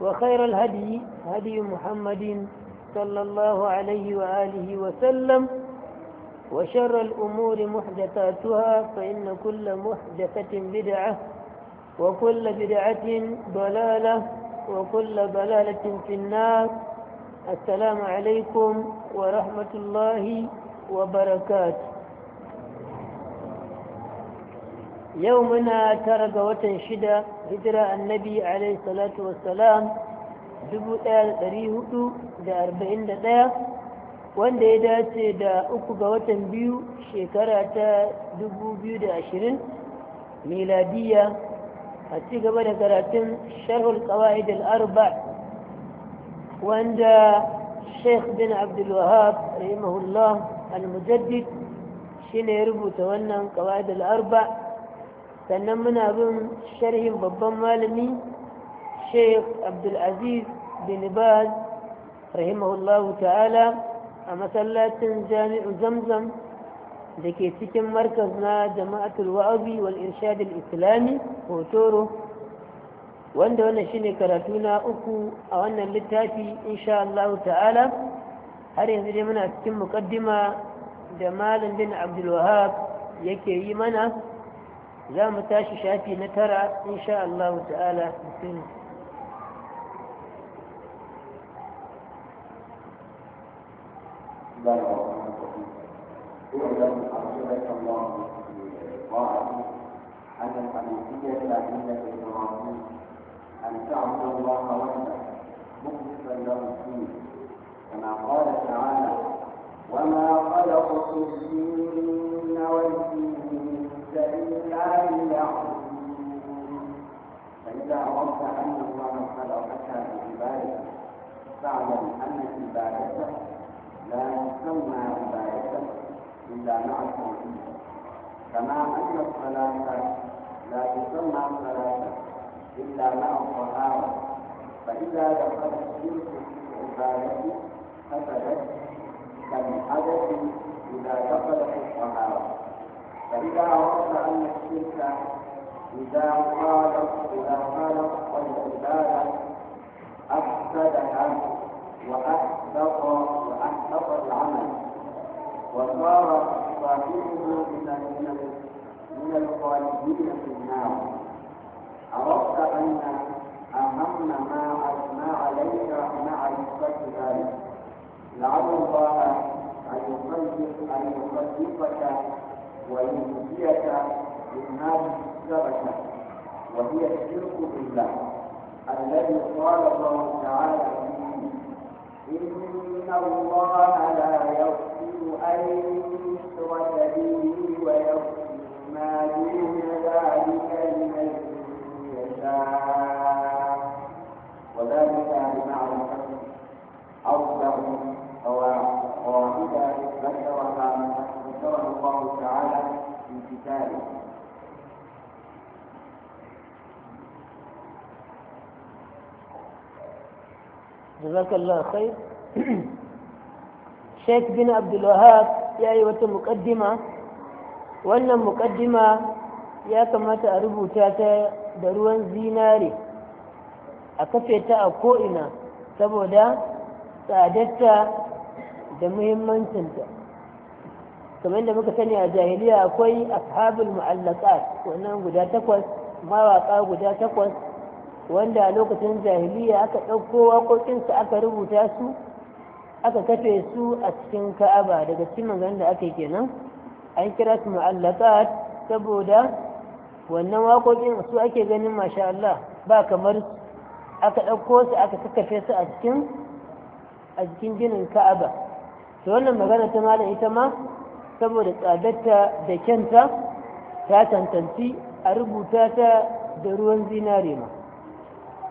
وخير الهدي هدي محمد صلى الله عليه وآله وسلم وشر الأمور محدثاتها فإن كل محدثة بدعة وكل بدعة ضلالة وكل ضلالة في النار السلام عليكم ورحمة الله وبركاته يومنا ترق وتنشده هجرة النبي عليه الصلاة والسلام دبوتال تريهوتو دا أربعين دا وان دا يداتي دا أكو قوتا بيو شكراتا دبو بيو دا عشرين ميلادية هاتي قبل كراتين شرح القواعد الأربع وان دا الشيخ بن عبد الوهاب رحمه الله المجدد شنه يربو تونا قواعد الأربع sannan muna bin sharhin babban malami sheikh abdulaziz bin baz rahimahullahu ta'ala a masallacin jami'u zamzam da ke cikin markaz na jama'atul wa'azi wal irshad islami hotoro wanda wannan shine karatu na uku a wannan littafi insha Allah ta'ala har yanzu dai muna cikin muqaddima da malam bin Abdul Wahhab yake yi mana za mu tashi shafi na tara insha Allah ta'ala mutum أن الحنيفية الأدلة إبراهيم أن تعبد الله وحده مخلصا له الدين كما قال تعالى وما خلقت الجن والإنس فإذا عرفت أن الله خلقك بعبادته فاعلم أن عبادته لا تسمى عبادته إلا مع التوحيد كما أن الصلاة لا تسمى صلاة إلا مع الطهارة فإذا دخل الشرك في عبادته فسدت كالحدث إذا دخلت في فإذا عرفنا أن الشرك إذا خالط إذا خالط العبادة أفسدها وأحبط وأحبط العمل وصار صاحبه من من الخالدين في النار عرفت أن أهم ما ما عليك مع نسبة ذلك لعل الله أن يصدق أن يصدقك وينسيك بالنار السبكة وهي الشرك بالله الذي قال الله تعالى فيه إن الله لا يغفر أن يشرك به ويغفر ما دون ذلك لمن يشاء وذلك لمعرفة أفضل قواعد ذكرها من أحسن ذكره الله تعالى في كتابه جزاك الله خير شيخ بن عبد ya yi wata mukaddima wannan mukaddima ya kamata a rubuta ta da ruwan zinari a kafe ta a ko'ina saboda tsadarta da muhimmancinta kamar da muka sani a jahiliya akwai ashabul mu'allaqat wannan guda takwas mawaka guda takwas wanda a lokacin jahiliya aka ɗauko su aka rubuta su aka kafe su a cikin ka'aba daga cikin maganin da aka kenan an kira su mu'allaqat saboda wannan waƙoƙin su ake ganin masha Allah ba kamar aka ɗauko su aka kafe su a cikin a cikin ginin ka'aba to wannan magana ta malam ita ma saboda tsadarta da kyanta ta tantanci a rubuta ta da ruwan zinare ma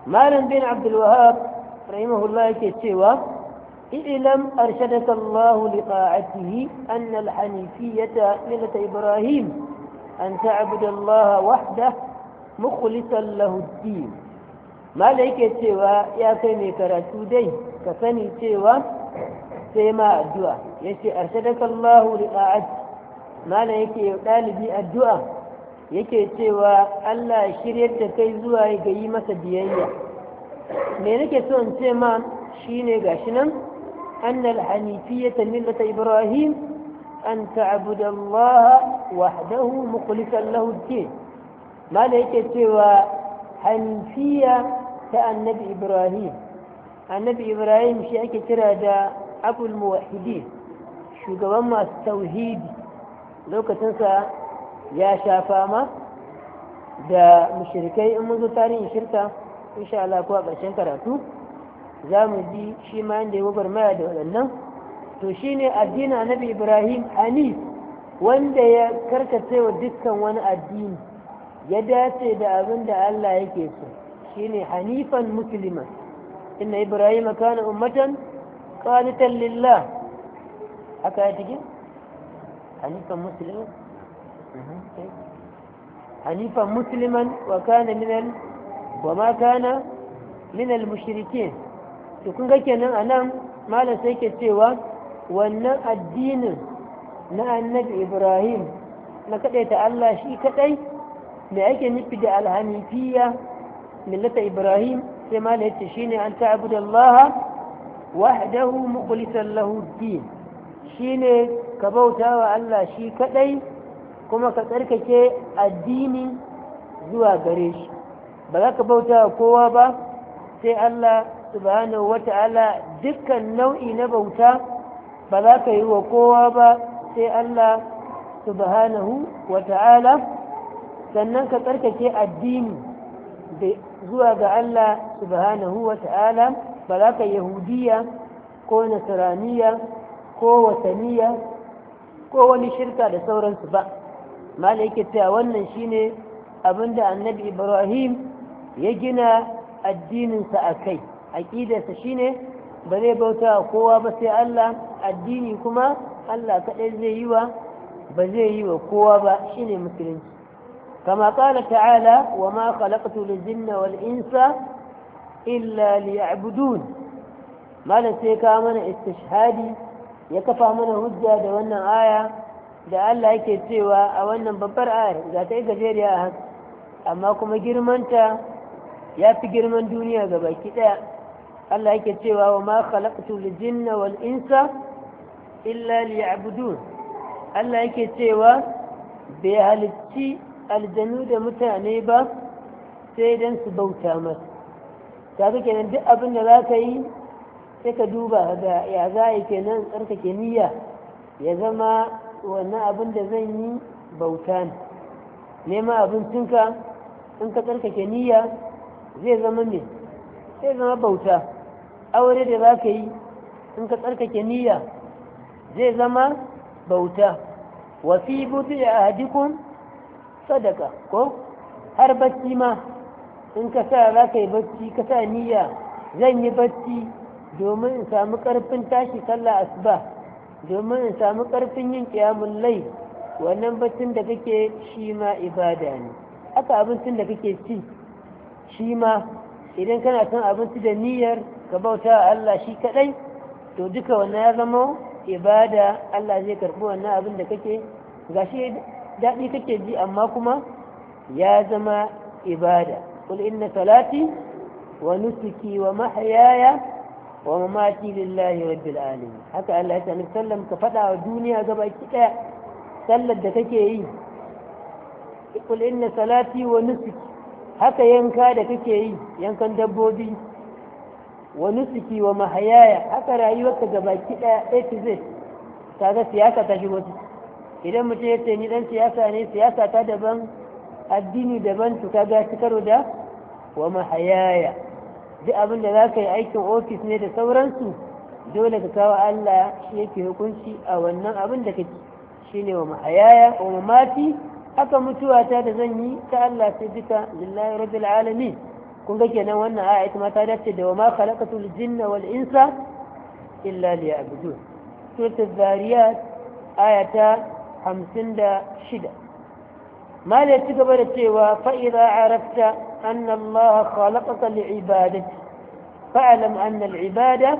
malam bin abdulwahab rahimahullah yake cewa ilam arshadaka Allah liqa'atihi an al-hanifiyyata millata ibrahim an ta'budu Allah wahdah mukhlisan lahu ad-din malam yake cewa ya kai mai karatu dai ka sani cewa sai ma addu'a ya ce arshadakallahu ri'a'at mala yake ɗalibi addu'a yake cewa Allah shiryar da kai zuwa ga yi masa biyayya me nake so in ce ma shine gashi nan annal hanifiyata millata ibrahim an ta'budu Allah wahdahu mukhlishan lahu din mala yake cewa hanifiya ta annabi ibrahim annabi ibrahim shi ake kira da abul muwahidi shugaban masu tauhidi lokacinsa ya sha fama da mushirikai in mun zo tarihin shirka insha Allah ko a ƙarshen karatu za mu ji shi ma yadda ya gwagwarmaya da waɗannan to shi ne addinin annabi ibrahim ani wanda ya karkace wa dukkan wani addini ya dace da abin da Allah yake so shine hanifan musliman inna ibrahim kana ummatan qanitan lillah haka ya cikin hanifan musliman mhm. hanifan musliman wa kana minal wa ma kana minal mushrikin to kun kenan anan malam sai ke cewa wannan addinin na annabi ibrahim na kaɗai ta Allah shi kaɗai me ake nufi da alhanifiya millata ibrahim sai malam ya ce shine an ta'budu Allah wahdahu mukhlisan lahu shine ka bauta Allah shi kadai kuma ka tsarkake addini zuwa gare shi ba za ka bauta kowa ba sai Allah subhanahu wata'ala dukkan nau'i na bauta ba za ka yi wa kowa ba sai Allah subhanahu wata'ala sannan ka tsarkake addini zuwa ga Allah subhanahu ta'ala. ba za ka yahudiya ko nasiraniya ko wataniya ko wani shirka da sauransu ba mala wannan shine abinda annabi ibrahim ya gina addininsa a kai aƙidarsa shine ba zai bauta kowa ba sai allah addini kuma allah kaɗai zai yi wa ba zai yi wa kowa ba shine musulunci kama ƙala ta'ala wa ma khalaqtu lil wal insa illa liya'budun malam sai ka mana istishhadi ya kafa mana hujja da wannan aya da Allah yake cewa a wannan babbar ayar za ta yi gajeriya a haka amma kuma girmanta ya fi girman duniya ga baki ɗaya Allah yake cewa wa ma khalaqtu lijinna wal insa illa liya'budun Allah yake cewa bai halicci aljanu da mutane ba sai don su bauta masa kaga kenan duk abin da za ka yi sai ka duba ga ya za a yi kenan tsarkake niyya ya zama wannan abin da zan yi bauta ne nema abincinka in ka tsarkake niyya zai zama ne zai zama bauta aure da za ka yi in ka tsarkake niyya zai zama bauta wasi butu a hadikun sadaka ko har bacci ma in ka sa za ka yi bacci ka sa niyya zan yi bacci domin in samu ƙarfin tashi sallah asuba domin in samu karfin yin ƙiyamun lai wannan baccin da kake shi ma ibada ne haka abincin da kake ci shi ma idan kana son abinci da niyyar ka bauta wa Allah shi kaɗai to duka wannan ya zama ibada Allah zai karbi wannan abin da kake gashi daɗi kake ji amma kuma ya zama ibada قل إن صلاتي ونسكي ومحياي ومماتي لله رب العالمين haka Allah ya sallam ka fada wa duniya gaba kida sallar da kake yi kul inna salati wa nusuki haka yanka da kake yi yankan dabbobi wa nusuki wa mahayaya haka rayuwarka gaba kida a to z siyasa ta shigo idan mutum ya ce ni dan siyasa ne siyasa ta daban addini daban to kaga shi karo da wa mahayaya duk abin da za ka yi aikin ofis ne da sauransu dole ka kawo Allah shi yake hukunci a wannan abin da kake ne wa mahayaya wa mamati haka mutuwa ta da zan yi ta Allah sai duka lillahi rabbil alamin kun ga kenan wannan aya ita ma ta dace da wa ma khalaqatul jinna wal insa illa liya'budun suratul zariyat aya ta 56 ما ليتكبر التيوى فإذا عرفت أن الله خلقك لعبادته فاعلم أن العبادة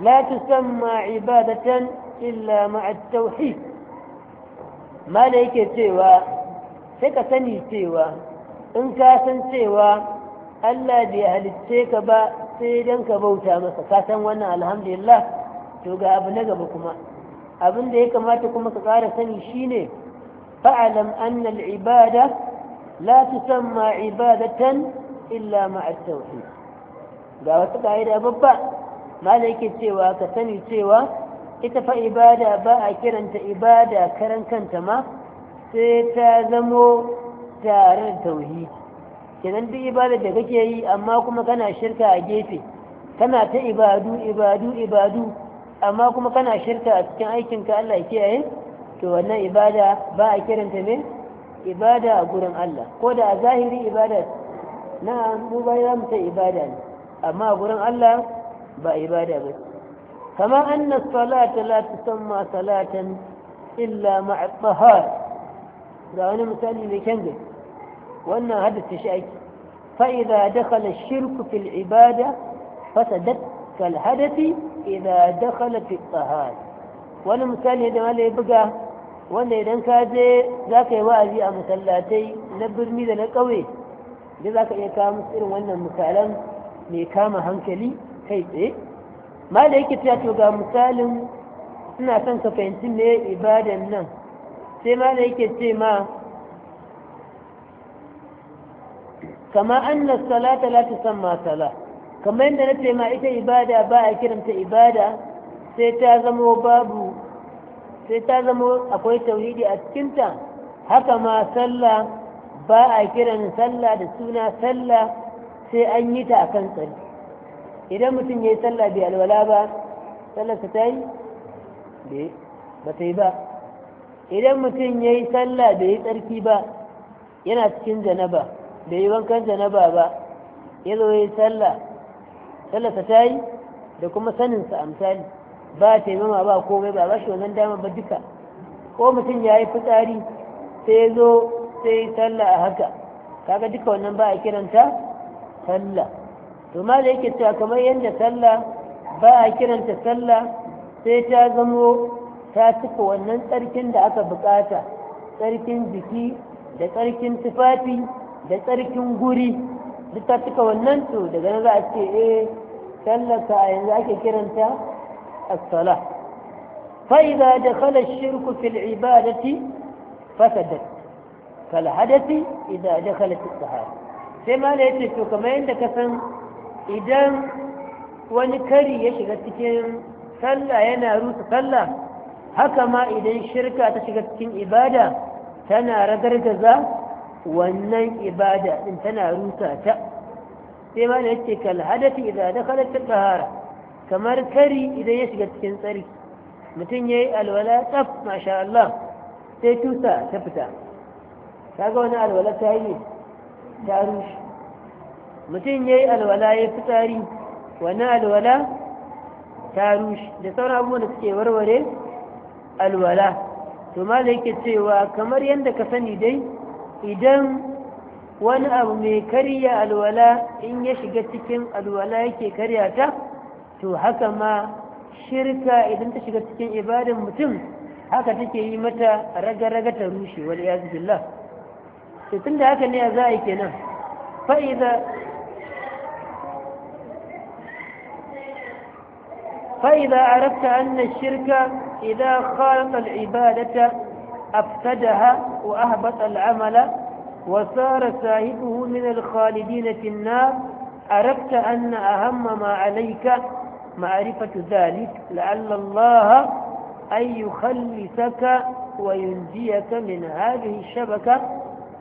لا تسمى عبادة إلا مع التوحيد ما ليك التيوى سكتني التيوى إن كاسن التيوى ألا بأهل التيكبا سيدنك بوتا مسا كاسن وانا الحمد لله توقع أبنك بكما abin da ya kamata kuma ka ƙara sani shine فاعلم أن العبادة لا تسمى عبادة إلا مع التوحيد ga wata ƙa'ida babba malaikin cewa ka sani cewa ita fa ibada ba a kiranta ibada karan kanta ma sai ta zamo tare da tauhidi kenan duk ibada da kake yi amma kuma kana shirka a gefe kana ta ibadu ibadu ibadu amma kuma kana shirka a cikin aikinka Allah ya kiyaye to wannan ibada ba a kiranta ne ibada a gurin Allah ko da zahiri ibada na mu bai za ta ibada ne amma a gurin Allah ba ibada ba kama anna salata la tusamma salatan illa ma'a tahar da wani misali mai kyan gaske wannan hadisi shi ake فإذا دخل ibada في العبادة فسدت كالحدث إذا دخل في tahar wani misali da wani buga wanda idan ka je za ka yi wa'azi a masallatai na birni da na ƙauye da za ka iya kawo musu irin wannan misalan mai kama hankali kai tsaye ma da yake cewa to ga misalin suna son ka fahimci me ibadan nan sai ma da yake ce ma kama na salata la san masala kamar yadda na ce ma ita ibada ba a kiranta ibada sai ta zamo babu sai ta zama akwai tauhidi a cikinta haka ma sallah ba a kiran sallah da suna sallah sai an yi ta akan tsari idan mutum ya yi sallah bai alwala ba sallah ta yi ba ta yi ba idan mutum ya yi sallah bai yi tsarki ba yana cikin janaba bai yi wankan janaba ba ya zo ya yi sallah sallah ta yi da kuma saninsa a misali ba taimama ba komai ba ba shi wannan dama ba duka ko mutum ya yi fitsari sai zo sai sallah a haka kaga duka wannan ba a kiranta sallah to ma da yake cewa kamar yadda sallah ba a kiranta talla sai ta zamo ta cika wannan tsarkin da aka bukata tsarkin jiki da tsarkin tufafi da tsarkin guri duk ta cika wannan to daga nan za a ce eh sallar a yanzu ake kiranta الصلاة فإذا دخل الشرك في العبادة فسدت فالحدث إذا دخلت الطهارة كما لا يتلك كما عندك فن إذا ونكري يشغل تكين صلى ينارو تصلى هكما إذا الشركة تشغل تكين إبادة تنا رقرقزا wannan ibada din tana rusa ta sai ma da yake kal hadati idza dakhalat al-tahara kamar kari idan ya shiga cikin tsari mutum ya yi alwala tsaf masha Allah sai tusa ta fita ta ga wani alwala ta yi ta rushe mutum ya yi alwala ya tsari wani alwala ta rushe da sauran abubuwan da suke warware alwala to ma da yake cewa kamar yadda ka sani dai idan wani abu mai karya alwala in ya shiga cikin alwala yake karya ta to haka ma shirka idan ta shiga cikin ibadan mutum haka take yi mata raga-raga ta rushe wani ya zubilla to tun da haka ne za a yi kenan fa'iza فإذا عرفت أن الشرك wa ahbata al’amala wa وأهبط العمل وصار ساهبه من الخالدين في النار عرفت أن أهم ما عليك معرفة ذلك لعل الله أن يخلصك وينجيك من هذه الشبكة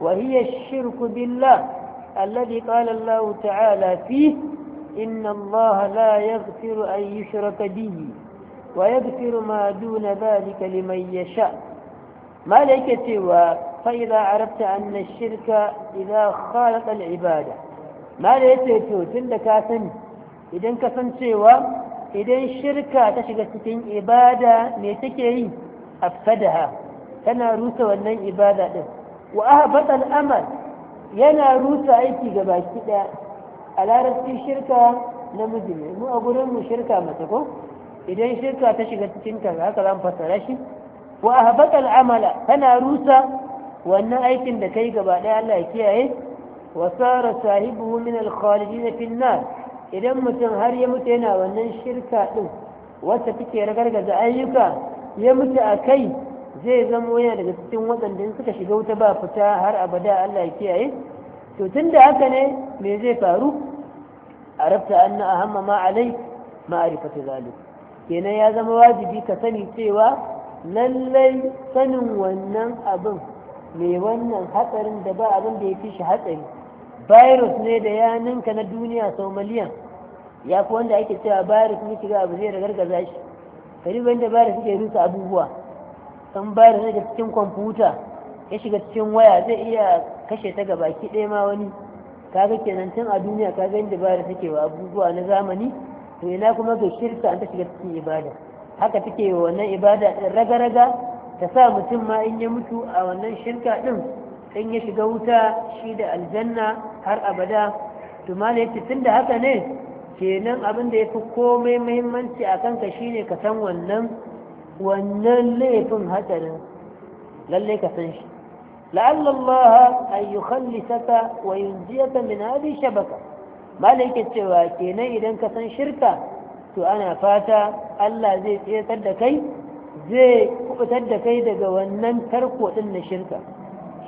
وهي الشرك بالله الذي قال الله تعالى فيه إن الله لا يغفر أن يشرك به ويغفر ما دون ذلك لمن يشاء ملكة فإذا عرفت أن الشرك إذا خالق العبادة ما ليس يتوتن لكاسن إذا كسن سوى idan shirka ta shiga cikin ibada me take yi afsadaha tana rusa wannan ibada din wa ahbata al-amal yana rusa aiki gaba kiɗa daya a larabci shirka na ne mu a gurin mu shirka mace ko idan shirka ta shiga cikin ka haka zan fassara shi wa ahbata al-amala tana rusa wannan aikin da kai gaba ɗaya Allah ya kiyaye wa sara sahibuhu min al-khalijin fi an idan mutum har ya mutu yana wannan shirka ɗin wata take ragargaza ayyuka ya mutu a kai zai zama yana daga cikin waɗanda suka shiga wuta ba fita har abada Allah ya kiyaye to tun da haka ne me zai faru a rafta anna ahamma ma alai ma'arifatu zalik kenan ya zama wajibi ka sani cewa lallai sanin wannan abin mai wannan hatsarin da ba abin da ya fi shi hatsari virus ne da ya ninka na duniya sau miliyan ya fi wanda ake cewa virus ne shiga abu zai ragar gargaza shi karibu da virus suke rusa abubuwa san virus ne ga cikin kwamfuta ya shiga cikin waya zai iya kashe ta ki ɗaya ma wani kaga kenan tun a duniya kaga inda virus suke wa abubuwa na zamani to ina kuma ga shirka an ta shiga cikin ibada haka take wannan ibada in ragaraga ta sa mutum ma in ya mutu a wannan shirka ɗin in ya shiga wuta shi da aljanna har abada tumana tun da haka ne kenan abin da ya fi komai muhimmanci a kanka shine ka san wannan wannan laifin hatsarin lalle ka san shi la'alla Allah an yukhallisaka wa yunjiyaka min hadhihi shabaka malaka cewa kenan idan ka san shirka to ana fata Allah zai tsayar da kai zai kubutar da kai daga wannan tarko din na shirka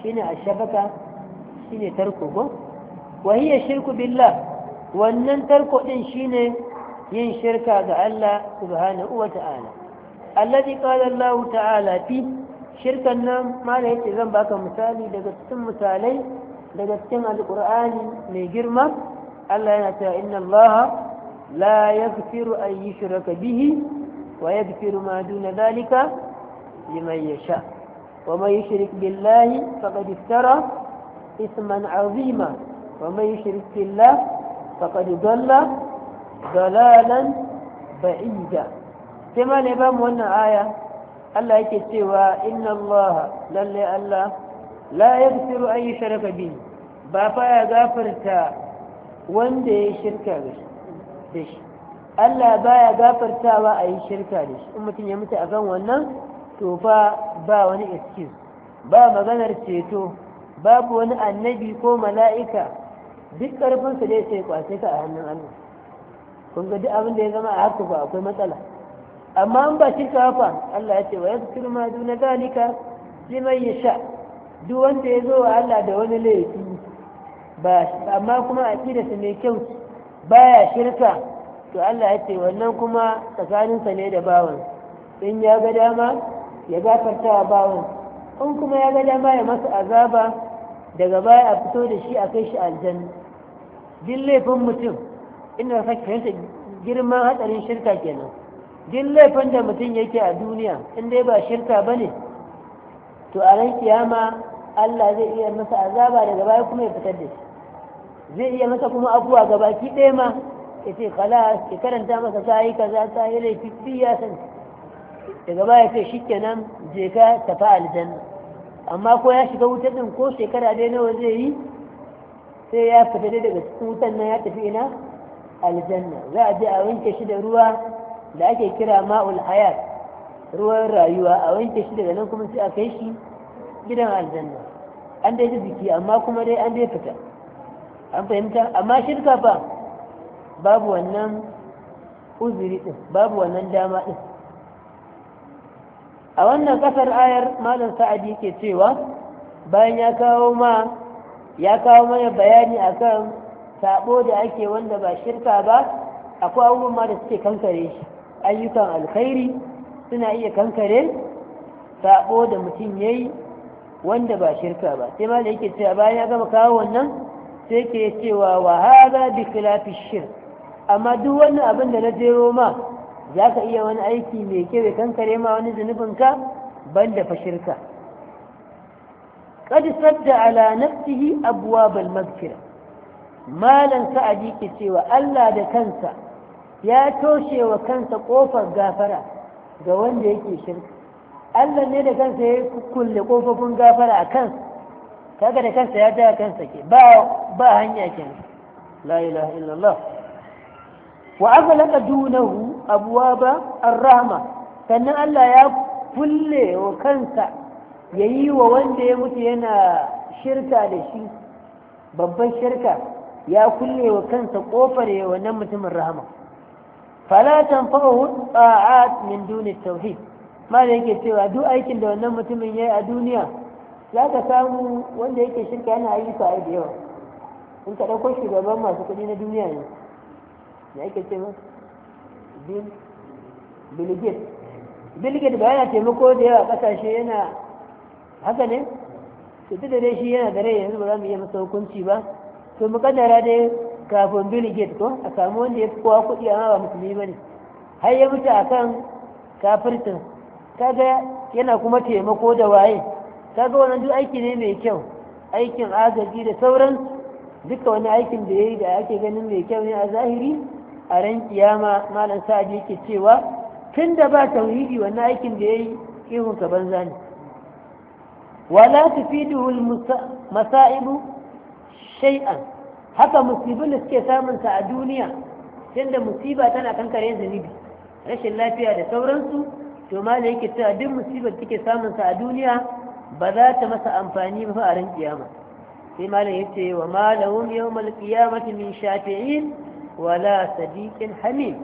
shine ashabaka shine tarko ko wa shirku billah wannan tarko din shine yin shirka ga Allah subhanahu ta'ala alladhi qala Allah ta'ala fi shirkan nan mala yake zan baka misali daga cikin misalai daga cikin alqur'ani mai girma Allah yana cewa inna Allah la yaghfiru an maduna bihi wa ya sha. ومن يشرك بالله فقد افترى إثما عظيما ومن يشرك بالله فقد ضل ضلالا بعيدا كما الإمام هنا آية الله يكتوى إن الله للي الله لا يغفر أن يشرك به بابا يغفرتا wanda ya shirka da shi Allah baya gafartawa a yi shirka da shi in mutum ya mutu a kan wannan to fa ba wani excuse ba maganar ceto babu wani annabi ko mala'ika duk ƙarfinsa dai sai kwace ka a hannun Allah kun ga duk abin da ya zama a haka ba akwai matsala amma an ba shi kafa. Allah ya ce wa yadhkur ma duna zalika liman yasha duk wanda ya zo wa Allah da wani laifi ba amma kuma a su mai kyau baya shirka to Allah ya ce wannan kuma tsakaninsa ne da bawan in ya ga dama ya gafarta wa bawan in kuma ya ga dama ya masa azaba daga baya a fito da shi a kai shi aljanna din laifin mutum ina sake fahimta girman hatsarin shirka kenan din laifin da mutum yake a duniya in dai ba shirka ba ne to a ran kiyama Allah zai iya masa azaba daga baya kuma ya fitar da shi zai iya masa kuma abuwa ga baki ɗaya ma ya ce kala ya karanta masa ta yi kaza ta yi laifi ya san daga baya ce shi kenan je ka tafi aljanna amma ko ya shiga wutar din ko shekara dai nawa zai yi sai ya fita dai daga cikin wutar nan ya tafi ina aljanna za a je a wanke shi da ruwa da ake kira ma'ul hayat ruwan rayuwa a wanke shi daga nan kuma sai a kai shi gidan aljanna an dai jiki amma kuma dai an dai fita an fahimta amma shirka fa babu wannan uzuri din babu wannan dama din a wannan kasar ayar malam sa'adi ke cewa bayan ya kawo ma ya kawo mana bayani akan sabo da ake wanda ba shirka ba akwai abubuwan ma da suke kankare shi ayyukan alkhairi suna iya kankare sabo da mutum ya yi wanda ba shirka ba sai ma yake cewa bayan ya gama kawo wannan sai ke cewa wa hada bi khilafi shirk amma duk wannan abin da na jero ma za ka iya wani aiki mai kewe kankare ma wani zunubinka ban da fashirka kad sadda ala nafsihi abwabal maghfira malan sa'adi ke cewa Allah da kansa ya toshe wa kansa kofar gafara ga wanda yake shirka Allah ne da kansa ya kulle kofofin gafara a kansa kaga da kansa ya taya kansa ke ba ba hanya kenan la ilaha illallah wa aghlaqa dunahu ba an rahama sannan Allah ya kulle wa kansa ya yi wa wanda ya mutu yana shirka da shi babban shirka ya kulle wa kansa kofar ya wannan mutumin rahama fala tanfa'uhu ta'at min duni tauhid ma da yake cewa duk aikin da wannan mutumin yayi a duniya za ka samu wanda yake shirka yana ayyuka a da yawa in ka ɗauko shugaban masu kuɗi na duniya ne da ake ce masa bilgit bilgit ba yana taimako da yawa kasashe yana haka ne su da dai shi yana da rai yanzu ba za mu iya masa hukunci ba to mu kaddara dai kafin bilgit ko a samu wanda ya fi kowa kuɗi amma ba musulmi ba ne har ya mutu a kan kafirtin kaga yana kuma taimako da waye kaga wani duk aiki ne mai kyau aikin agaji da sauran duka wani aikin da ya yi da ake ganin mai kyau ne a zahiri a ran kiyama malam sa'adi yake cewa tun da ba tauhidi wannan aikin da yayi ihun ka banza ne wala tufiduhu masaibu shay'an haka musibin da suke samun sa a duniya tunda musiba tana kankare zunubi rashin lafiya da sauransu to malam yake cewa duk musibar take samun sa a duniya ba za ta masa amfani ba a ran kiyama sai malam yace wa malahum yawmal qiyamati min shafi'in wala sadiqin hamim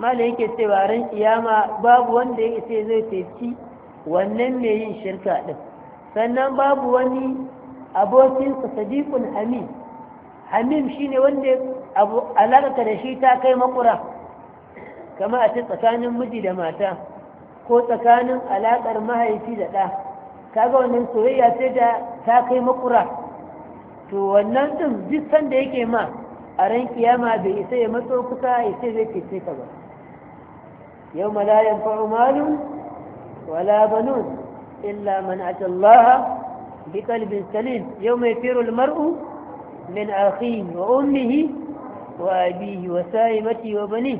malai yake cewa ran kiyama babu wanda yake ce zai teci wannan mai yin shirka din sannan babu wani abokin sa sadiqun hamim hamim shine wanda abu alaka da shi ta kai makura kamar a tsakanin miji da mata ko tsakanin alakar mahaifi da ɗa kaga wannan soyayya sai da ta kai makura to wannan din duk sanda yake ma a ran kiyama bai isa ya matso kusa ya ce zai cece ka ba yau malayan fa'umalu wala banun illa man tallaha, bi kalbin salim yau mai firul mar'u min akhihi wa ummihi wa abihi wa sa'imati wa bani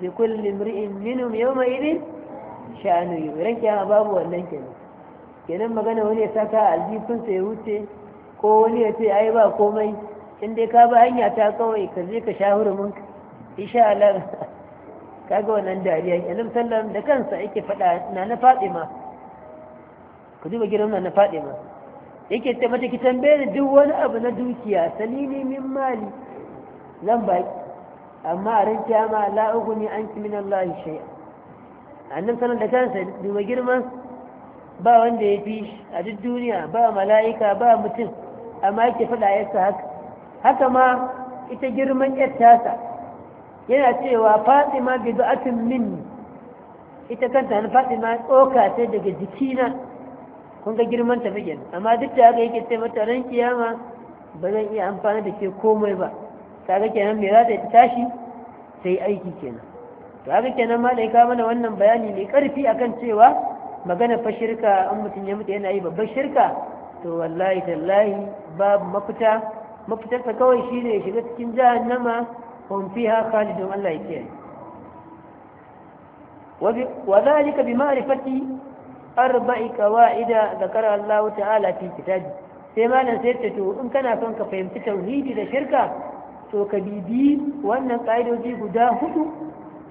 bi kulli imri'in minhum yawma idin sha'anu yau ran kiyama babu wannan kenan kenan magana wani ya saka aljifin sa ya wuce ko wani ya ce ai ba komai in dai ka ba hanya ta kawai ka je ka sha hurumin insha Allah kaga wannan dariya nan sallallahu da kansa yake fada na na Fatima ku duba girman na na Fatima yake ta mata ki tambaye duk wani abu na dukiya salini min mali zan baki amma a ran kiyama la uguni anki min Allah shay'a annan sallallahu da kansa duba girman ba wanda ya fi a duk duniya ba mala'ika ba mutum amma yake fada yasa haka haka ma ita girman yattasa yana cewa fatima bid'atun min ita kanta na fatima tsoka ta daga jikina kun ga girman ta fage amma duk da haka yake ce mata ran kiyama ba zan iya amfana da ke komai ba kaga kenan me za ta tashi sai aiki kenan to haka kenan malaika mana wannan bayani mai karfi akan cewa magana fa shirka an mutum ya mutu yana yi babbar shirka to wallahi tallahi babu mafita mafitarsa kawai shine ne shiga cikin kwamfi hum fiha don Allah ya kiyaye wa zalika bi ma'rifati arba'i ga kara Allah ta'ala fi kitabi sai malam sai ta to in kana son ka fahimci tauhidi da shirka to ka bibi wannan ƙa'idoji guda hudu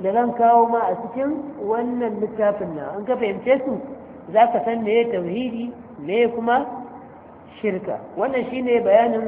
da zan kawo ma a cikin wannan littafin na in ka fahimce su za ka san me tauhidi me kuma shirka wannan shine bayanin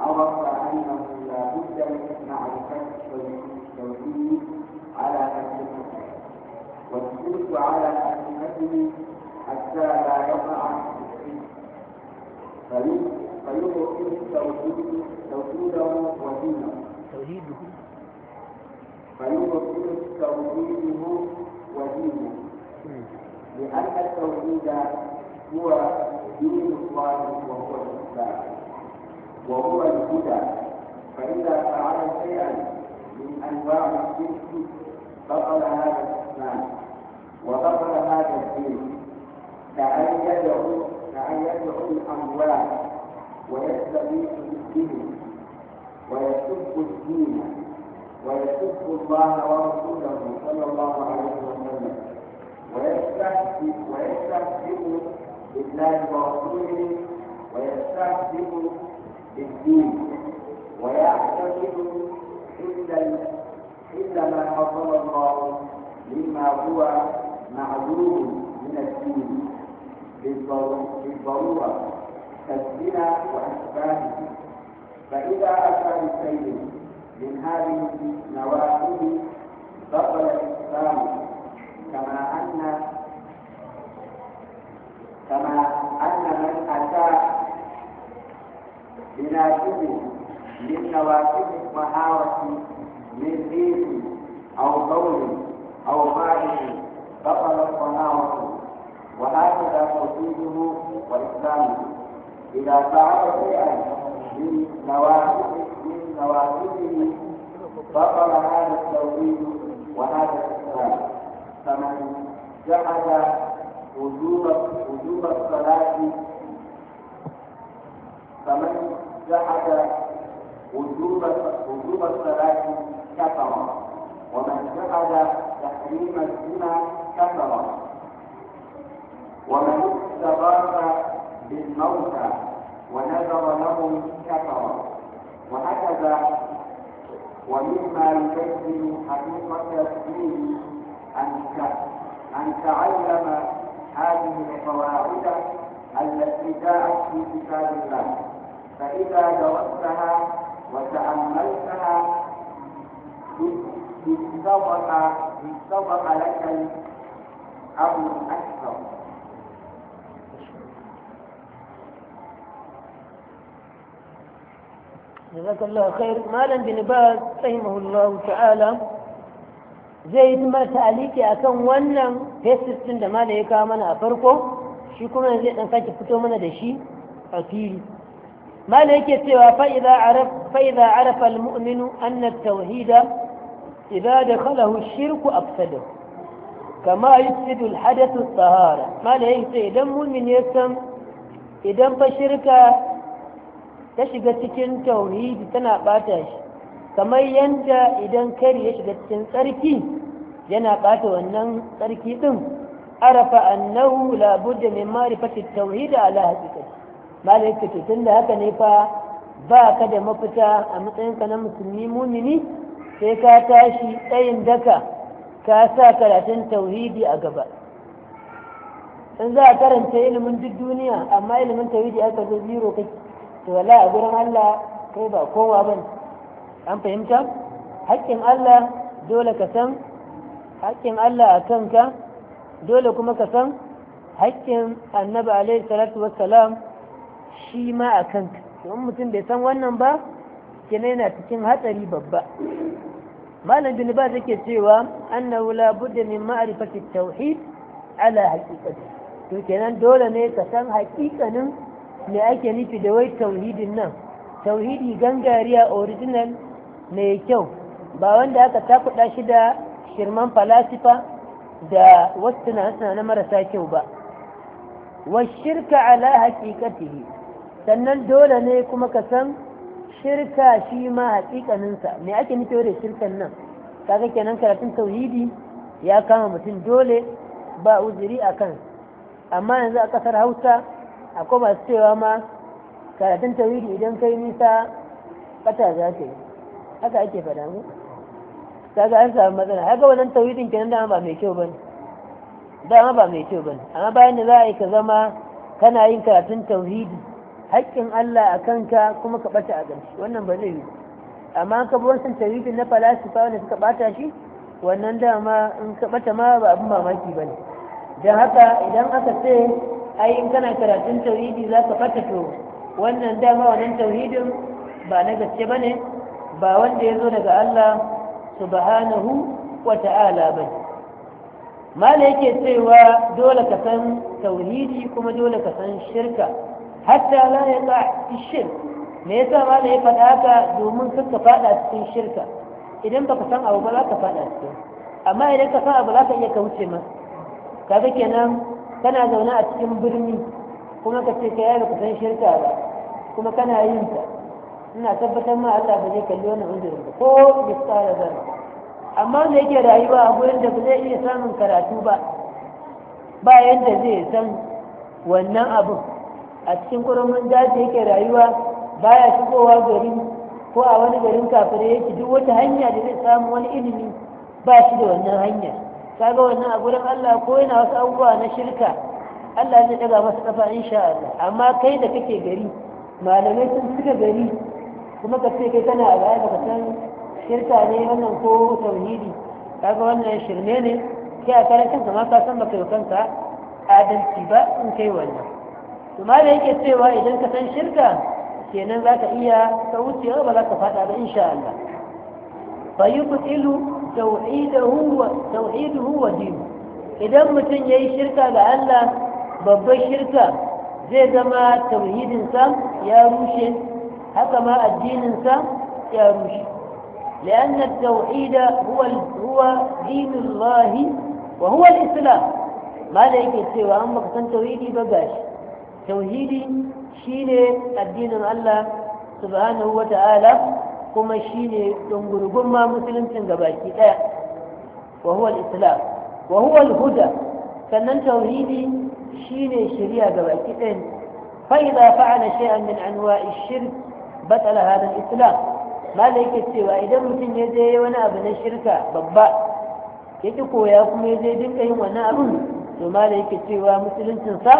عرف أنه لا بد من معرفة التوحيد على أسمته والسلوك على أسمته حتى لا يقع في فيبطل توحيد توحيده ودينه توحيده فيبطل توحيده ودينه لأن التوحيد هو دين الله وهو الإسلام وهو الهدى فإذا فعل شيئا من أنواع الشرك بطل هذا الإسلام وبطل هذا الدين كأن يدعو كأن يدعو الأموال ويستغيث بالدين ويسب الدين ويسب الله ورسوله صلى الله عليه وسلم ويستهزئ ويستهزئ بالله ورسوله ويستهزئ بالدين ويعتقد إلا إلا ما حصل الله مما هو معلوم من الدين بالضرورة كالزنا وأشباهه فإذا أتى بشيء من هذه النواحي بطل الإسلام كما أن كما أن من أتى بلا شبه من نواكب المحاوة من دين أو قول أو فاعل بطل الصناعة وهكذا توحيده وإسلامه إذا فعل شيئا من نواكبه من نواكبه بطل هذا التوحيد وهذا الإسلام فمن جحد وجوب وجوب الصلاة فمن جحد وجوب وجوب الصلاة كفر ومن جحد تحريم الزنا كفر ومن استغاث بالموتى ونذر لهم كفر وهكذا ومما يبين حقيقة الدين أن أن تعلم هذه القواعد التي جاءت في كتاب الله فإذا جوزتها وتأملتها اتضح اتضح لك الأمر الأكثر جزاك الله خير مالا بن باز رحمه الله تعالى zai yi mara ta'aliki a kan wannan fesis ɗin da ma ya kawo mana a farko shi kuma zai ɗan sake fito mana da shi a fili ما لك سوى فإذا عرف, فإذا عرف المؤمن أن التوحيد إذا دخله الشرك أفسده كما يفسد الحدث الطهارة ما لك إذا مؤمن يسم إذا فشرك تشغى تكين توحيد تنعباتش kamar yadda idan kari ya shiga cikin tsarki yana ɓata wannan tsarki ɗin arafa annahu labudda min ma'rifati tauhid ala haqiqati malai ka ce tun da haka ne fa ba ka da mafita a matsayinka na musulmi mumini sai ka tashi tsayin daka ka sa karatun tauhidi a gaba in za a karanta ilimin duk duniya amma ilimin tauhidi aka zo zero kake to wala a gurin Allah kai ba kowa ba ne an fahimta haƙƙin Allah dole ka san haƙƙin Allah a kanka dole kuma ka san haƙƙin annabi alaihi salatu wassalam shi ma a kanka domin mutum bai san wannan ba kina yana cikin hatsari babba malam bin ba yake cewa annahu la budda min ma'rifati tauhid ala haqiqati to kenan dole ne ka san haqiqanin me ake nufi da wai tauhidin nan tauhidi gangariya original mai kyau ba wanda aka takuda shi da shirman falasifa da wasu na marasa kyau ba wa shirka ala haƙiƙatihi sannan dole ne kuma ka san shirka shi ma hakikaninsa me ake nufi da shirkan nan kaga kenan karatun tauhidi ya kama mutum dole ba uzuri a kan amma yanzu a kasar hausa akwai masu cewa ma karatun tauhidi idan kai nisa ƙata za ta yi haka ake faɗa mu kaga an samu matsala haka wannan tauhidin kenan dama ba mai kyau bane dama ba mai kyau bane amma bayan da za a yi ka zama kana yin karatun tauhidi haƙƙin Allah a kanka kuma ka ɓata a ƙarshe wannan ba zai yi amma ka bi wancan tarihin na falasifa wanda suka ɓata shi wannan dama in ka ɓata ma ba abin mamaki ba ne don haka idan aka ce ai in kana karatun tauhidi za ka ɓata to wannan dama wannan tauhidin ba na gaske ba ne ba wanda ya zo daga Allah subhanahu wa ta'ala ba ne mala yake cewa dole ka san tauhidi kuma dole ka san shirka hatta la ya ta shirk me yasa ma ya faɗa haka domin ka faɗa cikin shirka idan ba ka san abu ba za ka faɗa cikin amma idan ka san abu za ka iya kauce ma kaga kenan kana zaune a cikin birni kuma ka ce ka yi ka san shirka ba kuma kana yin ta ina tabbatar ma Allah ba zai kalli wannan uzurin ba ko bi tsara zara amma da yake rayuwa a gurin da ba zai iya samun karatu ba ba yadda zai san wannan abin a cikin kurmin daji yake rayuwa baya shigowa gari ko a wani garin kafin yake duk wata hanya da zai samu wani ilimi ba shi da wannan hanya kaga wannan a gurin Allah ko yana wasu abubuwa na shirka Allah zai daga masa kafa insha Allah amma kai da kake gari malamai sun cika gari kuma ka ce kai kana a baya baka san shirka ne wannan ko tauhidi kaga wannan shirme ne kai a karan kanka ka san baka yi kanka adalci ba in kai wannan kuma da yake cewa idan ka san shirka kenan za ka iya kaucewa ba za ka fada ba insha Allah fa yubtilu tauhidahu wa tauhiduhu wa dinu idan mutum yayi shirka ga Allah babban shirka zai zama tauhidinsa ya rushe haka ma addininsa ya rushe لأن التوحيد هو هو دين الله وهو الإسلام ما لا يكفي وأما كان توحيدي بقاش tauhidi shine addinin Allah subhanahu wa ta'ala kuma shine dungurgun ma musuluncin gabaki daya wa huwa al-islam wa huwa al-huda sannan tauhidi shine shari'a gabaki daya fa idza fa'ala shay'an min anwa'i ash-shirk batala hada al-islam malaka cewa idan mutum ya je wani abu na shirka babba ki koya kuma ya je dinka yin wannan abu to malaka cewa musuluncin sa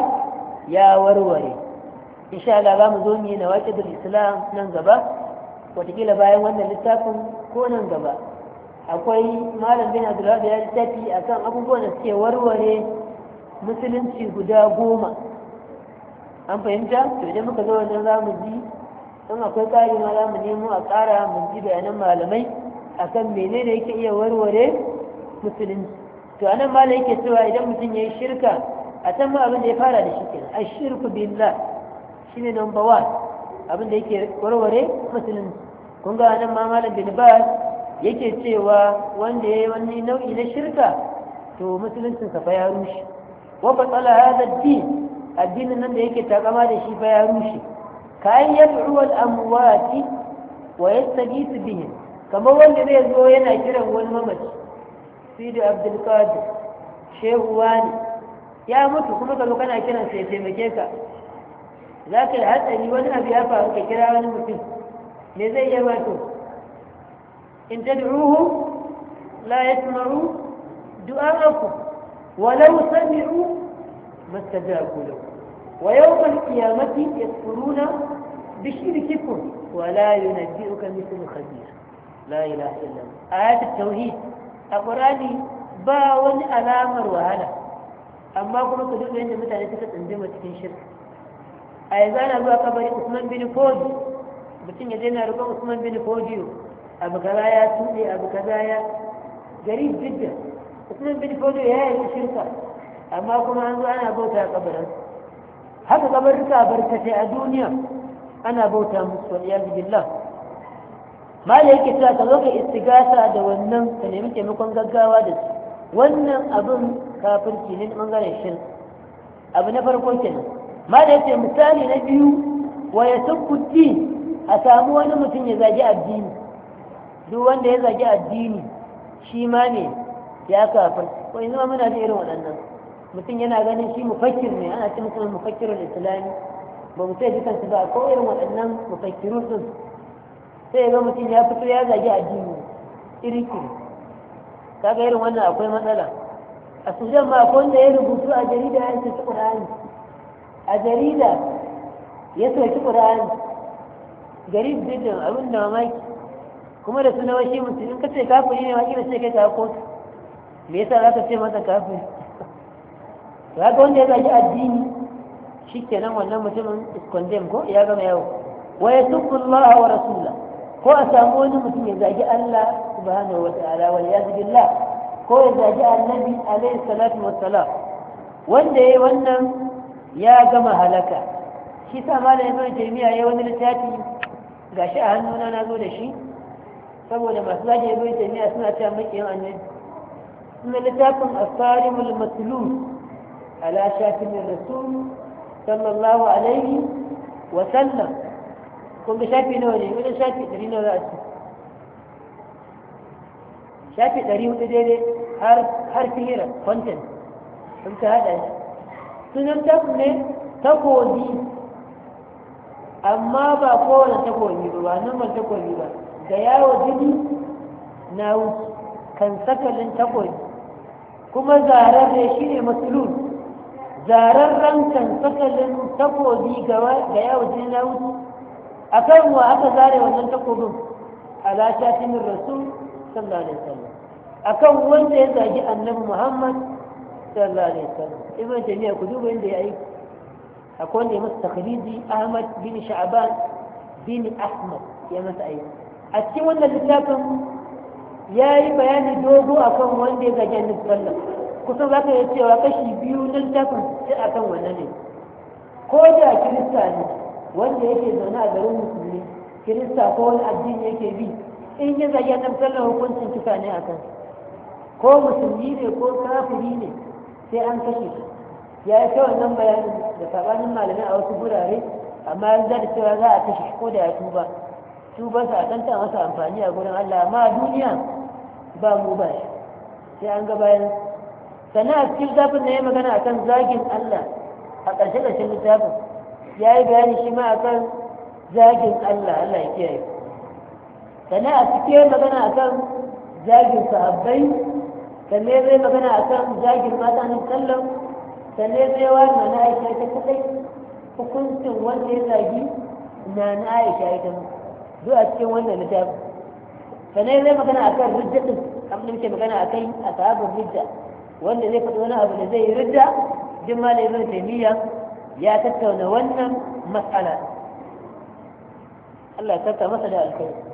ya warware insha Allah za mu zo mu yi na da islam nan gaba watakila bayan wannan littafin ko nan gaba akwai malam bin abdullahi ya littafi akan abubuwan da suke warware musulunci guda goma an fahimta to idan muka zo wannan za mu ji don akwai ƙari ma za mu nemo a ƙara mun ji bayanan malamai akan menene yake iya warware musulunci to anan malam yake cewa idan mutum ya yi shirka a can ma abin da ya fara da shi kenan ashirku shi ne number one abin da yake warware musulunci kun ga nan ma malam bin bas yake cewa wanda ya yi wani nau'i na shirka to musuluncin sa fa ya rushe wa tsala hada din addinin nan da yake takama da shi fa ya rushe kayan fi ruwan amwati wa su bihim kamar wanda zai zo yana kiran wani mamaci sidi abdul shehu wani ya mutu kuma ka zo kana kiran sai taimake ka za ka yi hatsari wani abu ya faru ka kira wani mutum me zai iya ba to in tad'uhu la yasma'u du'a'akum walau sami'u ku. lakum wa yawm al-qiyamati yakfuruna bi shirkikum wa la yunabbi'uka mithlu khabir la ilaha illa allah ayat at-tauhid a qur'ani ba wani alamar wahala amma kuma ka duk yadda mutane suka ma cikin shirka a yanzu ana zuwa kabari usman bin fodi mutum ya daina roƙon usman bin fodiyo abu kaza ya tuɗe abu kaza ya gari jidda usman bin fodiyo ya yi shirka amma kuma an zo ana bauta a kabarin haka kabarruka barkatai a duniya ana bauta musu wal iyaz billah ma da yake cewa ka zo ka istigasa da wannan ka nemi taimakon gaggawa da su wannan abin kafirci ne bangaren shirk abu na farko kenan ma da yace misali na biyu wa yasubbu din a samu wani mutum ya zagi addini duk wanda ya zagi addini shi ma ne ya kafir ko yanzu ma muna da irin waɗannan mutum yana ganin shi mufakkir ne ana ce mutum mufakkirul islami ba mu sai dukansu ba ko irin waɗannan mufakkiru din sai ga mutum ya fito ya zagi addini irin kiri kaga irin wannan akwai matsala a su ma mako wanda ya rubutu a jarida ya soki ƙura'ani a jarida ya soki ƙur'ani garib bidin abin da mamaki kuma da suna washe musulun ka ce kafiri ne wakilin sai kai ta kotu me yasa za ka ce masa kafin? Ba ga wanda ya zaki addini shi kenan wannan mutumin iskondem ko ya gama yawo wa ya tukku Allah wa rasula ko a samu wani mutum ya zagi Allah subhanahu wa ta'ala wal la? ko ya zagi annabi alaihi salatu wassalam wanda ya yi wannan ya gama halaka shi sa malam ibn ya yi wani littafi Ga shi a hannuna na zo da shi saboda masu zagi ibn jami'a suna cewa makiyan annabi suna littafin asarimul maslul ala shafin rasul sallallahu alaihi wa sallam kun ga shafi nawa ne wani shafi ɗari nawa za a ci shafi ɗari hudu daidai har fihira content sun ta haɗa shi sunan tafi ne takobi amma ba kowane takobi ba ba nan ban takobi ba da yawo jini na kan sakalin takobi kuma zararre shi ne matsalul zararren kan sakalin takobi ga yawo jini na wuce a kan wa aka zare wannan takobin a shafinin rasul sallallahu alaihi akan wanda ya zagi annabi muhammad sallallahu alaihi wasallam ibn jami'a ku duba inda ya aiki akwai wanda ya masa takhriji ahmad bin sha'ban bin ahmad ya masa aiki a cikin wannan littafin ya yi bayani dogo akan wanda ya zagi annabi sallallahu alaihi wasallam kusan za ka iya cewa kashi biyu na littafin sai akan wannan ne ko da kirista ne wanda yake zaune a garin musulmi kirista ko wani addini yake bi in yi zagi annabi tsallon hukuncin cika ne akan ko musulmi ne ko kafiri ne sai an kashe shi ya yi ta nan bayanin da sabanin malamai a wasu gurare amma ya zai da cewa za a kashe shi ko da ya tuba tuba sa a ta masa amfani a gurin Allah amma a duniya ba mu ba shi sai an ga bayan sannan a cikin zafin na ya magana akan zagin Allah a ƙarshe-ƙarshen littafin ya yi bayani shi ma akan zagin Allah Allah ya kiyaye sannan a cikin magana akan zagin sahabbai sannan zai magana akan zagin mata na sallam sannan zai wani mana aisha ta kadai hukuncin wanda ya zagi na na aisha ita zuwa a cikin wannan littafin sannan zai magana akan rijjatin kamar muke magana a ashabin rijja wanda zai faɗi wani abu da zai yi rijja jin da ibn taimiyya ya tattauna wannan matsala Allah ya tattauna masa da alkhairi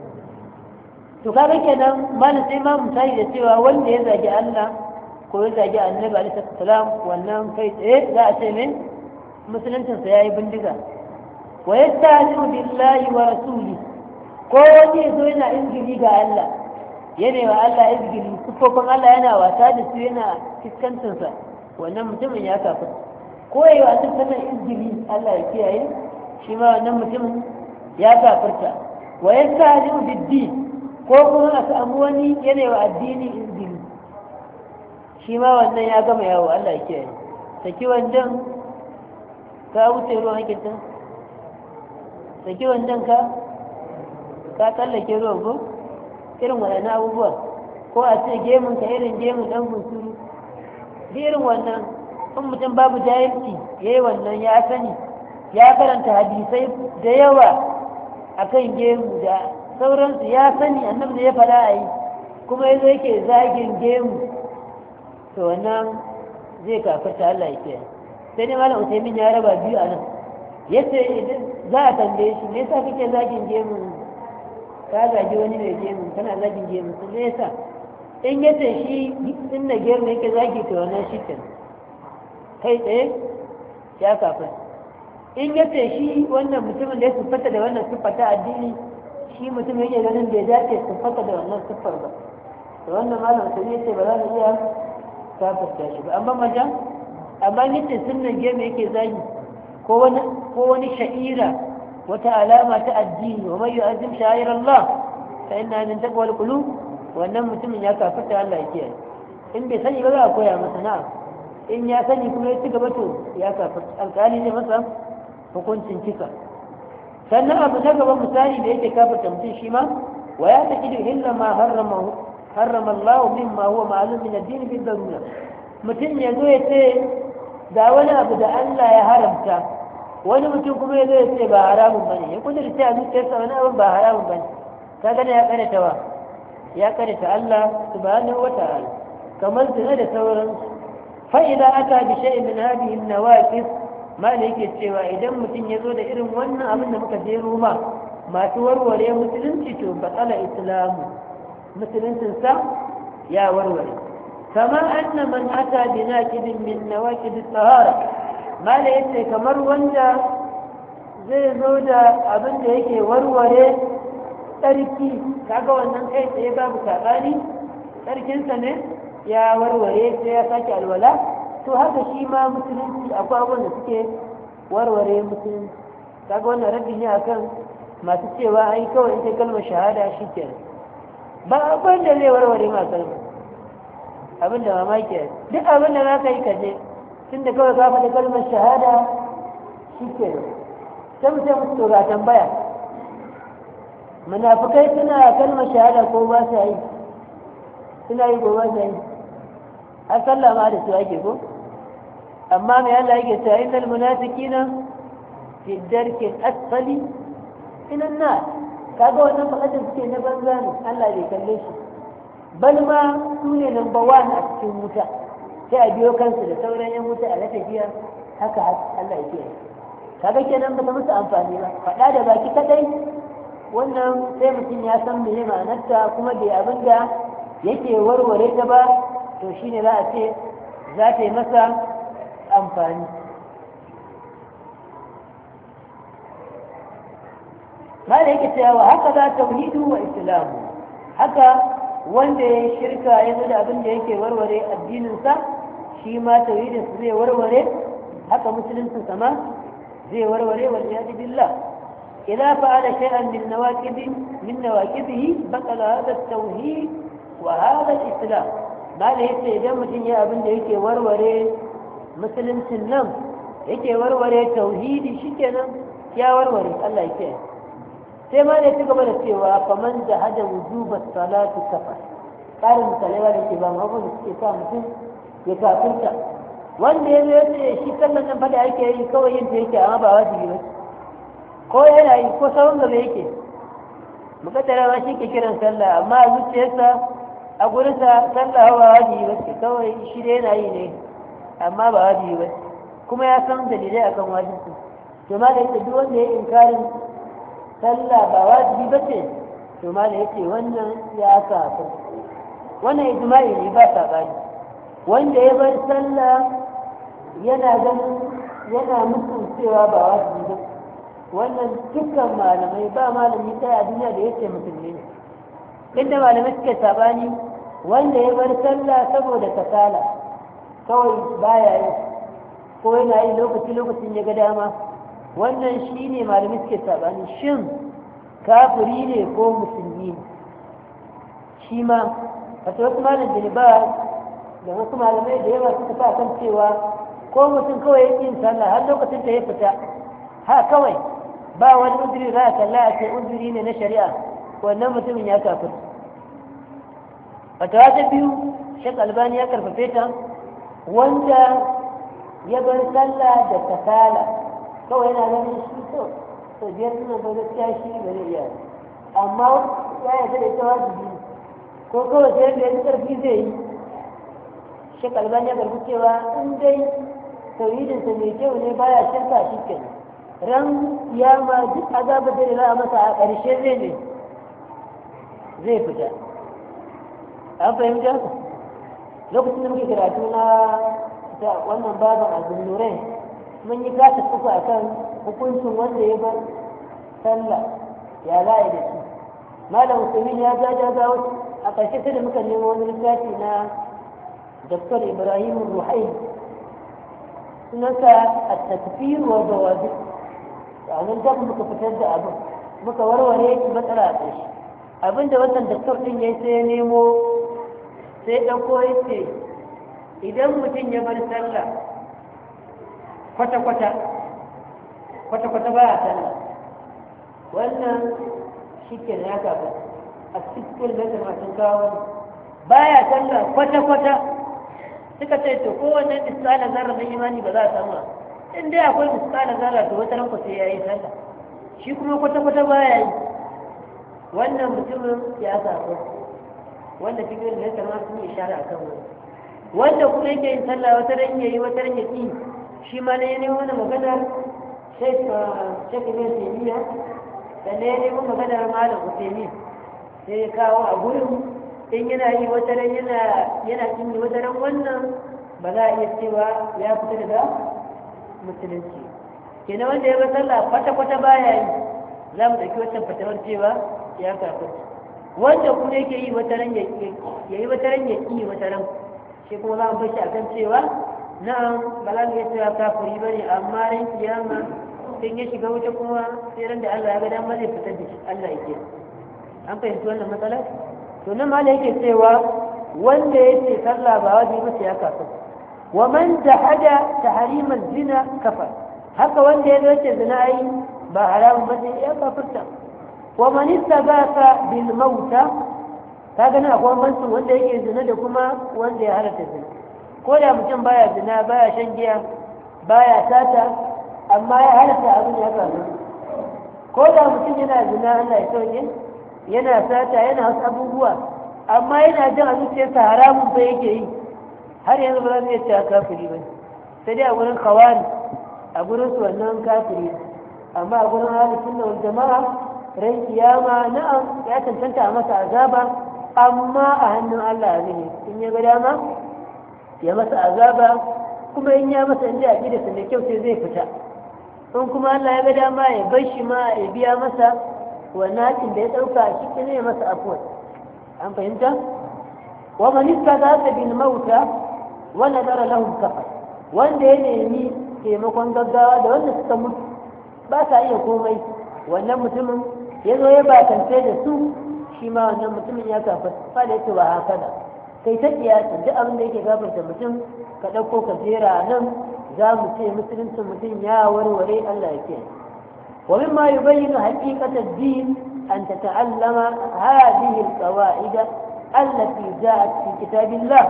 to kaga kenan malam sai ma misali da cewa wanda ya zagi Allah ko ya zagi Annabi alaihi salam wannan kai tsaye za a ce min musuluncin sa yayi bindiga wa yastahimu billahi wa rasuli ko wani yazo yana izgili ga Allah yana wa Allah izgili sufofin Allah yana wasa da su yana fiskantar sa wannan mutumin ya kafa ko yayi wa sanan izgili Allah ya kiyaye shi ma wannan mutumin ya kafirta wa yastahimu bid-din ko kuma a samu wani wa addini izini shi ma wannan ya gama yawo Allah ya kiyaye saki wandan ka wuce ruwan hakinta saki wandan ka ka tsallake ruwan ko irin waɗannan abubuwa ko a ce gemun ka irin gemun ɗan bunsuru da irin wannan in mutum babu jahilci ya yi wannan ya sani ya karanta hadisai da yawa akan gemu da sauransu ya sani annabi da ya fara a yi kuma ya yazo yake zagin gemu to wannan zai kafarta Allah ya kiyaye sai ne malam Usaimin ya raba biyu a nan yace idan za a tambaye shi me yasa kake zagin gemu ka zagi wani mai gemu kana zagin gemu sun me yasa in yace shi din na gemu yake zagi to wannan shi ke kai tsaye ya kafarta in yace shi wannan mutumin da ya siffata da wannan siffata addini shi mutum yake ganin bai dace fata da wannan siffar ba da wannan malam sai yace ba za mu iya kafirta shi ba amma majan amma nitin sunnan gemu yake zagi ko wani ko wani sha'ira wata alama ta addini wa man yu'azzim sha'ir Allah fa inna min taqwal qulub wannan mutumin ya ta Allah yake in bai sani ba za a koya masa na'a in ya sani kuma ya ci gaba to ya kafirta alƙali ne masa hukuncin kisa sannan abu na gaba misali da yake kafarta mutum shi ma wa ya taƙi da hilla ma harrama harrama Allah min ma huwa ma'lum min ad bi darura mutum ya zo ya ce ga wani abu da Allah ya haramta wani mutum kuma ya zo ya ce ba haramun bane ya kudurta a zuciyarsa wani abu ba haramun bane kaga da ya karanta wa ya karanta Allah subhanahu wa ta'ala kamar zina da sauransu fa idza ata bi shay'in min hadhihi an-nawaqis mana yake cewa idan mutum ya zo da irin wannan abin da muka jero ba masu warware musulunci to tsala islamu musuluncinsa ya warware kamar anna man aka bi kidin min nawaqid da tsahara mana yake kamar wanda zai zo da abin da yake warware tsarki kaga wannan kai tsaye babu saɓani tsarkinsa ne ya warware sai ya sake alwala to haka shi ma musulunci akwai abubuwan da suke warware musulunci kaga wannan rabi ne akan masu cewa ai kawai ita kalmar shahada shi ke ba akwai da zai warware ma kalma. abin da mamaki duk abin da za ka yi kaje tun da kawai ka faɗi kalmar shahada shi ke ta mu sai musu ga tambaya munafukai suna kalmar shahada ko ba sa yi suna yi ko ba sa yi a sallama da su ake ko amma mai Allah yake cewa innal na fi darkin asfali minan na? kaga wannan faɗa suke na banza ne Allah bai kalle shi bal ma su ne number one a cikin wuta sai a biyo kansu da sauran yan wuta a latafiya haka Allah yake kaga kenan ba ta musu amfani ba faɗa da baki kadai wannan sai mutum ya san meye ma'anarta kuma bai abin da yake warware ta ba to shine za a ce za ta yi masa amfani ma da yake cewa haka za ta wa islamu haka wanda ya shirka ya da abin da yake warware addininsa shi ma tauhidinsa zai warware haka musulunci sama zai warware wal iyadu billah إذا فعل شيئا من نواكب من نواكبه بطل هذا التوحيد وهذا الإسلام ما ليس إذا متن يا أبن ديك وروري musuluncin nan yake warware tauhidi shikenan ya warware Allah yake sai ma ne cigaba da cewa faman da hada wujubat salatu kafa karin salewa da ke ba mafi da suke sa mutum ya kafinta wanda ya zo ya shi sallan nan fada ake yi kawai yin ta yake amma ba wajibi ba ko yana yi ko sauran gaba yake mukaddara ba shi ke kiran sallah amma a zuciyarsa a gurinsa sallah ba wajibi ba kawai shi da yana yi ne amma ba wajibi ba kuma ya san dalilai akan wajibi to ma da yake duk wanda ya inkarin sallah ba wajibi ba ce to ma da yake wannan ya sa wannan ijma'i ne ba bani wanda ya bar sallah yana ganin yana mutum cewa ba wajibi ba wannan dukkan malamai ba malami ta a duniya da yake musulmi ne inda malamai suke sabani wanda ya bar sallah saboda kasala kawai baya yi ko yana yi lokaci lokacin ya ga dama wannan shi ne malamai suke sabani shin kafiri ne ko musulmi ne shi ma a wasu malam jinibar da wasu malamai da yawa suka sa kan cewa ko mutum kawai ya yin sallah har lokacin ta ya fita ha kawai ba wani uzuri za a kalla a ce uzuri ne na shari'a wannan mutumin ya kafir a ta biyu shek albani ya karfafe ta wanda ya bar sallah da kasala kawai yana ganin shi to to biyar suna ba gaskiya shi ba zai iya amma ya yarda da ita wajibi ko kawai sai da ya karfi zai yi shi kalban ya karfi cewa in dai tauhidinsa mai kyau ne baya shirka shi ke ran ya ma duk azabar da za a masa a ƙarshe zai ne zai fita an fahimta ku lokacin da muke karatu na wannan baban azumnurai mun yi kasa uku a kan hukuncin wanda ya bar sallah ya za a da shi malam musulmin ya ja ja zawo a ƙarshe sai da muka nemo wani littafi na dr ibrahim ruhai sunansa a tafiyar wa zawabi a nan da muka fitar da abin muka warware matsala a ƙarshe abinda wannan daktar ɗin ya sai ya nemo sai ɗauko ya ce idan mutum ya bar sallah kwata-kwata kwata-kwata ba a sallah wannan shi ke ya gaba a cikin lantar masu kawo ba ya sallah kwata-kwata suka ce to kowane misalin zarra na imani ba za a samu in dai akwai misalin zarra to wata ranku sai ya yi sallah shi kuma kwata-kwata ba ya yi wannan mutumin ya zaɓa wanda cikin da kama masu yi shara akan wani wanda kuma yake yin sallah wata ran ya yi wata ran ya ƙi shi ma na yanayi wani magana shek uh, ibn taymiya sannan ya magana da malam usaimi sai ya kawo a gurin in yana yi wata ran yana yana yi wata ran wannan ba za a iya cewa ya fita daga musulunci kenan wanda ya yi sallah kwata-kwata baya yi za mu ɗauki wancan fatawar cewa ya kafirci wanda kuma yake yi wata ran ya yi wata ran ya yi wata ran shi kuma za a bashi kan cewa na'am ba ya mu iya cewa ba ne amma ran kiyama sun ya shiga wuce kuma sai ran da Allah ya ga dama zai fitar da shi Allah ya ke an fahimci wannan matsala to nan ma yake cewa wanda ya ce sallah ba wajibi ba ya kafa wa man ta Harimar zina kafa haka wanda ya ce zina ai ba haramun ba sai ya kafa wa man istaghasa bil mauta ka gani akwai bambancin wanda yake zina da kuma wanda ya halatta zina ko da mutum baya zina baya shan giya baya sata amma ya halatta abin ya faru ko da mutum yana zina Allah ya sauke yana sata yana wasu abubuwa amma yana jin a zuciyarsa haramun ba yake yi har yanzu ba za mu iya cewa kafiri ba sai dai a gurin kawani a gurin su wannan kafiri amma a gurin halittun da jama'a ran kiyama na'am ya tantanta a masa azaba amma a hannun Allah ne in ya ga dama ya masa azaba kuma in ya masa inda a da da kyau sai zai fita in kuma Allah ya ga dama ya bar shi ma ya biya masa wannan hakin da ya ɗauka shi ne ya masa afuwa an fahimta wa man istaghasa bil mauta wa nadara lahum kafa wanda ya nemi taimakon gaggawa da wanda suka mutu ba sa iya komai wannan mutumin ya zo ya bakance da su shi ma wannan mutumin ya tabbata fada ta ba haka da kai ta iya tunji abin da yake gabata mutum ka ɗauko ka jera nan za mu ce mutum ya warware allah ya ce wani ma yi bayin hakikatar din an ta ta'allama hadihi qawa'ida allati za'at fi kitabillah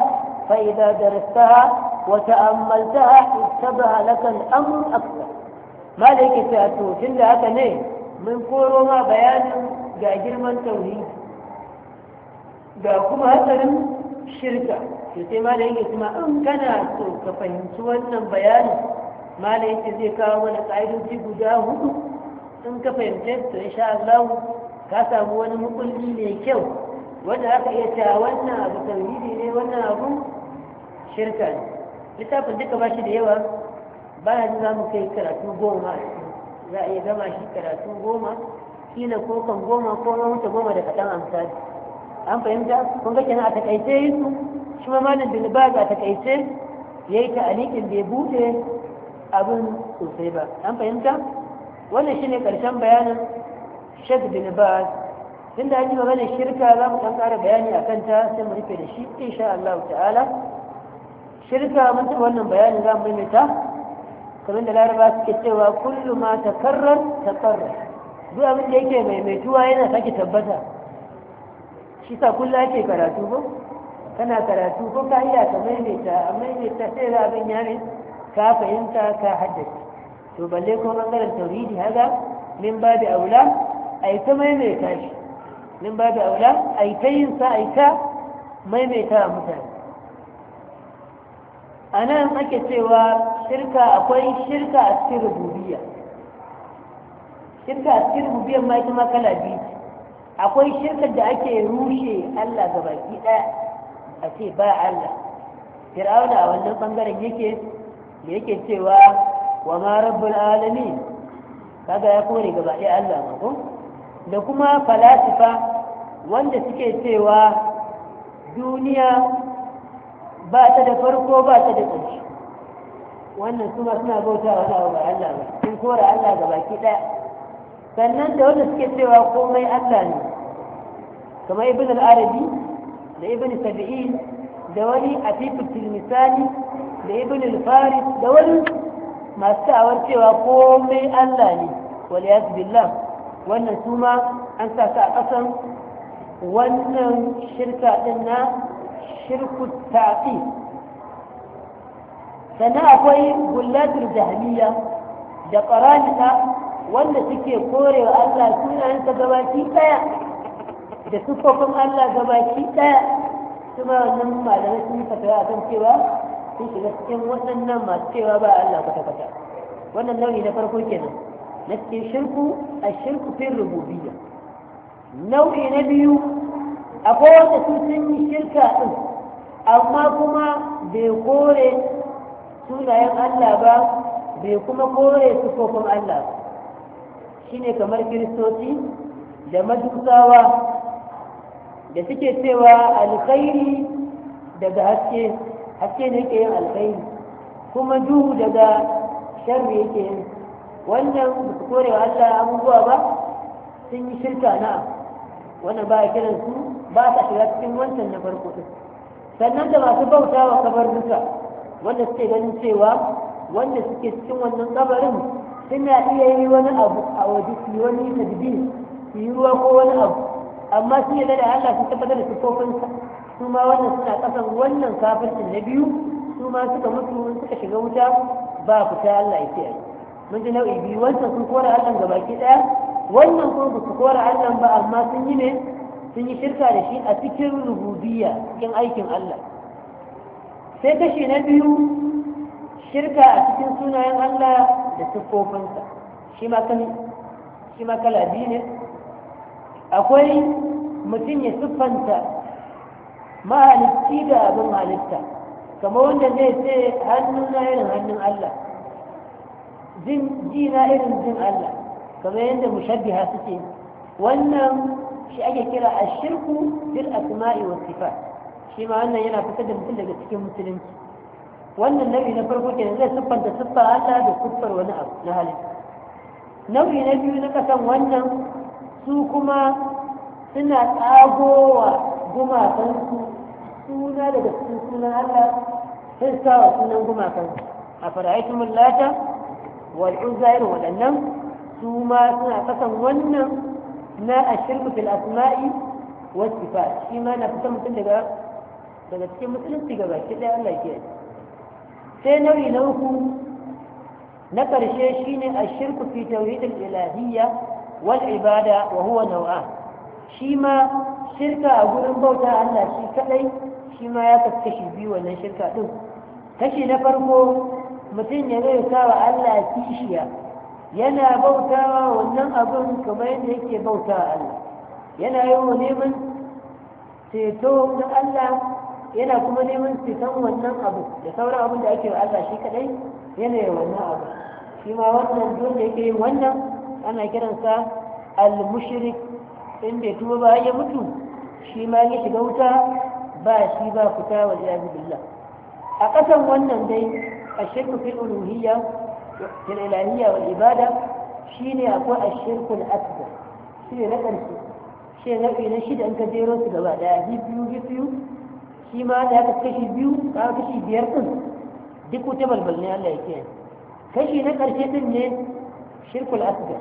fa idza darastaha wa ta'ammaltaha ittabaha lakal amr akbar ما لك تأتو إلا أتنين mun koro ma bayanin ga girman tauhidi ga kuma hasarin shirka to sai ma da yake kuma in kana so ka fahimci wannan bayanin ma da yake zai kawo wani ƙa'idoji guda hudu in ka fahimce to insha Allah ka samu wani mukulli mai kyau wanda aka iya cewa wannan abu tauhidi ne wannan abu shirka ne littafin duka ba shi da yawa ba ji za mu kai karatu goma a cikin za a iya gama shi karatu goma kila ko kan goma ko ma wuce goma da kaɗan amsali an fahimta kun ga kenan a takaice yi su shi ma malam bin baz a takaice ya yi ta'alikin bai bude abin sosai ba an fahimta wannan shine karshen bayanin shek bin baz tun da an yi maganar shirka za mu ɗan ƙara bayani a kanta sai mu rufe da shi insha Allah ta'ala shirka mun taɓa wannan bayanin za mu maimaita kamar da laraba suke cewa kullu ma ta karrar zuwa abin da yake maimaituwa yana sake tabbata shi sa kullu ake karatu ba kana karatu ko ka iya ka maimaita a maimaita sai da abin ya ne ka fahimta ka haddace to balle ko bangaren tauridi haga min da aula yi ta maimaita shi min da aula yi ta yin sa yi ta maimaita mutane a nan ake cewa shirka akwai shirka a cikin rububiyya shirka a cikin rububiyyar ma ita kala biyu akwai shirkar da ake rushe Allah ga baki ɗaya a ce ba Allah fir'auna a wannan bangaren yake yake cewa wa ma rabbul alamin kaga ya kore gaba ɗaya Allah ma ko da kuma falasifa wanda suke cewa duniya ba ta da farko ba ta da ƙarshe wannan kuma suna bauta wa Allah ba Allah ba sun kora Allah ga baki daya sannan da wanda suke cewa komai Allah ne kamar ibn al-arabi da ibn sabi'in da wani atifu tilmisani da ibn al-faris da wani masu ta'awar cewa komai Allah ne waliyas billah wannan su an sa ka a kasan wannan shirka din na shirku ta'qib sannan akwai gullatul jahmiya da qaranita wanda suke korewa Allah ta gabaki daya da sufofin Allah gabaki daya kuma wannan malamai sun a kan cewa sun shiga cikin waɗannan masu cewa ba Allah kwata-kwata wannan nau'i na farko kenan na cikin shirku a shirku fin rububiyya nau'i na biyu akwai wanda su sun yi shirka din amma kuma bai kore sunayen Allah ba bai kuma kore su sufofin Allah shi ne kamar kiristoci da madukawa? da suke cewa alkhairi daga haske haske ne yake yin alkhairi kuma duhu daga sharri yake yin wannan su kore wa Allah abubuwa ba sun yi shirka na wannan ba a kiransu ba ta shiga cikin wancan na farko sannan da masu bauta wa kabar duka wanda suke ganin cewa wanda suke cikin wannan kabarin suna iya yi wani abu a waje su yi wani tajbi su yi ruwa ko wani abu amma sun yarda da Allah sun tabbatar da sifofinsa su ma wannan suna kasan wannan kafircin na biyu su ma suka mutu suka shiga wuta ba fita Allah ya kiyaye mun ji nau'i biyu wancan sun kora Allah gabaki daya wannan kuma ba su kora Allah ba amma sun yi ne sun yi shirka da shi a cikin rububiyya cikin aikin Allah sai kashi na biyu shirka a cikin sunayen Allah da siffofinsa shi ma kala biyu ne akwai mutum ya siffanta mahalicci da abin halitta kamar wanda zai ce hannuna irin hannun Allah jina irin jin Allah kamar yadda mushabbiha suke wannan shi ake kira a shirku bil asma'i wa sifat shi ma wannan yana fitar da mutum daga cikin musulunci wannan nau'i na farko kenan zai siffanta siffar Allah da siffar wani abu na halin nau'i na biyu na kasan wannan su kuma suna tsagowa gumakansu suna daga cikin sunan Allah sun sa sunan gumakansu a fara'aitumul lata wal uzza irin waɗannan su ma suna kasan wannan na ashirku fil asma'i wasu fa shi ma na fitan mutum daga daga cikin musulunci ga baki ɗaya Allah ke sai nau'i na uku na ƙarshe shine shirku fi tauhidil ilahiyya wal ibada wa huwa naw'a shi ma shirka a gurin bauta Allah shi kadai shi ma ya kaskashi biyu wannan shirka ɗin kashi na farko mutum ya zai kawa Allah kishiya yana bautawa wannan abin kamar yadda yake bautawa Allah yana yi wa neman ceto na Allah yana kuma neman fitan wannan abu da sauran abin da ake wa Allah shi kadai yana yi wannan abu shi ma wannan da yake yin wannan ana kiransa al-mushrik in bai tuba ba ya mutu shi ma ya shiga wuta ba shi ba fita wa jabi billah a kasan wannan dai ashirku fil uluhiyya fil ilahiyya wal ibada shine akwai ashirku al-akbar shi ne na karshe shi ne na shida in ka jero su gaba daya biyu biyu shi ma ya ka kashi biyu ka kashi biyar ɗin duk wata balbal ne Allah ya ke. kashi na ƙarshe sun ne shirkul asgar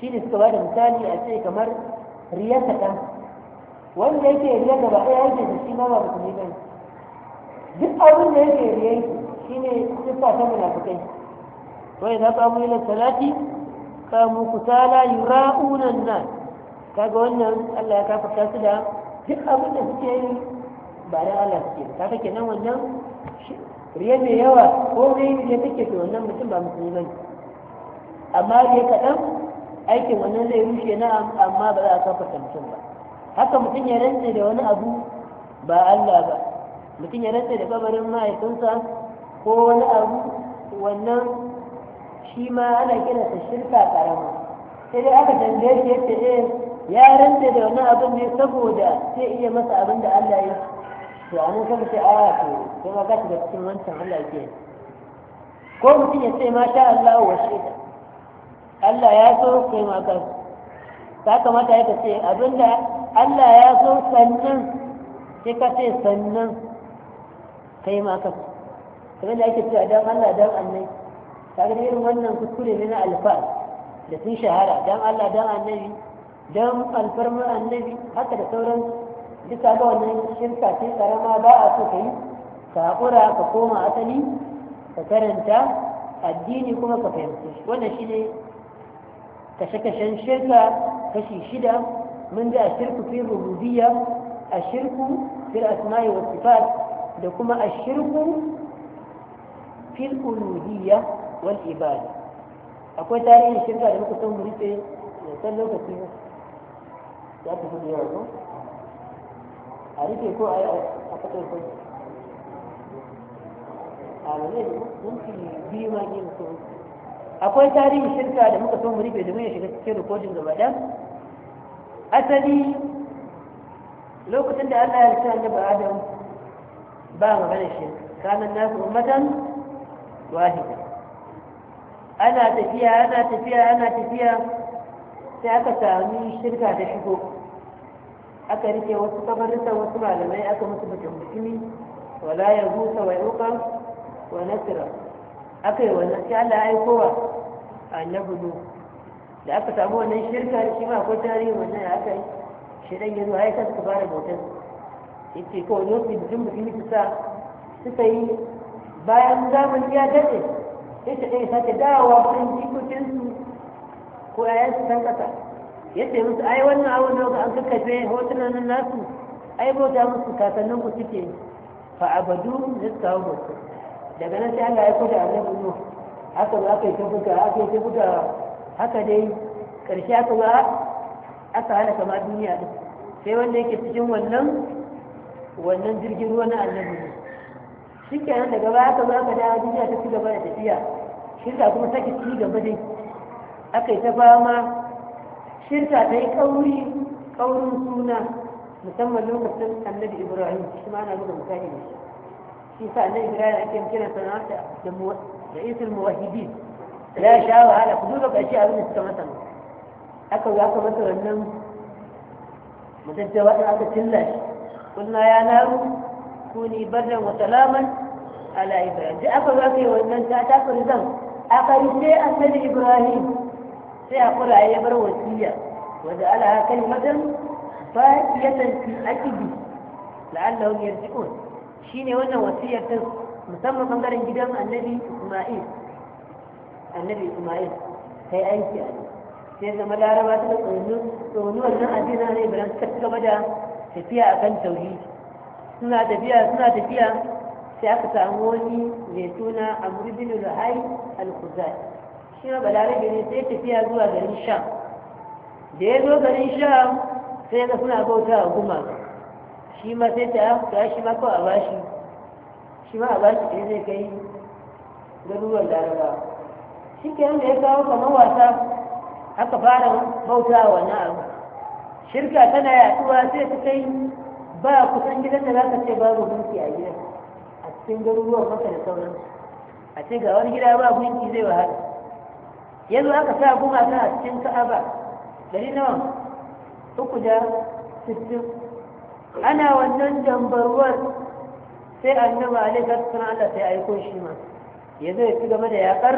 shi ne suka bada misali a ce kamar ta ɗan. wanda yake riya gaba ɗaya yake da shi ma ba musulmi ba duk abin da yake riya shi ne siffa ta munafukai wai za ka mula salati ka mu kusala yura'unan nan kaga wannan Allah ya kafa kasu da duk abin da suke yi ba da Allah suke ba take nan wannan riya mai yawa ko mai riya take to wannan mutum ba musulmi ba ne amma riya kaɗan aikin wannan zai rushe na amma ba za a kafarta mutum ba haka mutum ya rantse da wani abu ba Allah ba mutum ya rantse da kabarin mahaifinsa ko wani abu wannan shi ma ana kiransa shirka karama sai dai aka tambaye shi yace eh ya rantse da wani abin ne saboda zai iya masa abin da Allah ya to a mun kuma ce aya to sai ma ka da cikin wancan Allah yake ko mutum ya ce ma sha Allah wa shaida Allah ya so kai ma ka ta kamata ya ce abinda Allah ya so sannan sai ka ce sannan kai ma ka kamar da ake cewa dan Allah dan annai ka ga irin wannan kuskure ne na alfa da sun shahara dan Allah dan annabi dan alfarmar annabi haka da sauransu kisa ga wannan shirka ce karama ba a so ka yi ka haƙura ka koma asali ka karanta addini kuma ka fahimci shi wannan shi ne kashe-kashen shirka kashi shida mun ga a shirku fi rububiyya a shirku fil asma'i wa sifat da kuma a shirku fil uluhiyya wal ibada akwai tarihin shirka da muka san mu da san lokaci ya tafi da yawa a rufe ko a yi a kasar ko a wane biyu ma ne ko akwai tarihin shirka da muka so rufe domin ya shiga cikin rikodin gaba ɗan asali lokacin da an ya rikta annabi Adam ba magana shi kanan nasu ummatan wahida ana tafiya ana tafiya ana tafiya sai aka sami shirka da shigo aka rike wasu kabarinta wasu malamai aka musu bikin mutumi wala ya husa wa yuka wa nasira aka yi wannan shi Allah ya aikowa annabi da aka samu wannan shirka shi ma ko tarihi wannan aka yi shi dan yanzu ai kan su fara bautar yace ko ne su jin mutumi su sa suka yi bayan zamani ya dace sai ta ɗaya sake dawowa wurin jikokinsu ko 'ya'yansu kan kasa yadda musu ai wannan abin da an kakkafe hotunan nan nasu ai bauta musu kakannin ku suke fa abadu da suka hau bauta daga nan sai Allah ya kuda annabi nu haka za ka yi ta buga haka yi ta buga haka dai karshe aka ba aka hana kama duniya din sai wanda yake cikin wannan wannan jirgin ruwa na annabi ne shi kenan daga baya aka zo aka dawo duniya ta ci gaba da tafiya shi shirka kuma sake ci gaba dai aka yi ta fama shirka ta yi kauri kaurin suna musamman lokacin annabi ibrahim shi ma ana buga misali da shi shi sa annabi ibrahim ake kira sana da ra'isul muwahhidin ya sha wahala ku duba kashi abin da suka masa aka ga aka masa wannan mutuntawa da aka tilla shi kunna ya naru kuni bardan wa salaman ala ibrahim da aka ga kai wannan ta ta kurzan a karshe annabi ibrahim sai haƙura ya bar wasiya wadda ala kalmatan fa'iyatan fi aqibi la'allahum yarji'un shine wannan wasiyar ta musamman bangaren gidan annabi Isma'il annabi Isma'il kai aiki a sai zama laraba ta tsonuwar nan addinin na ibrahim suka ci gaba da tafiya akan tauhidi suna tafiya suna tafiya sai aka samu wani mai suna amr al-hay al-khuzai shi ma balarabe ne sai tafiya zuwa garin sham da ya zo garin sham sai ga suna bauta a guma. shi ma sai ta ya shi ma kawai a bashi shi ma a bashi ɗaya zai kai garuruwan laraba shi ke da ya kawo kamar wasa aka fara bauta a wannan abu shirka tana yaduwa sai ta kai ba kusan gidan da za ka ce babu gunki a gidan a cikin garuruwan maka da sauransu a ce ga wani gida ba gunki zai wahala yanzu aka sa gumaka a cikin ka'aba dari nawa uku da sittin ana wannan jambarwar sai annaba alaikar suna allah sai aiko shi ma ya zo ya ci gaba da yakar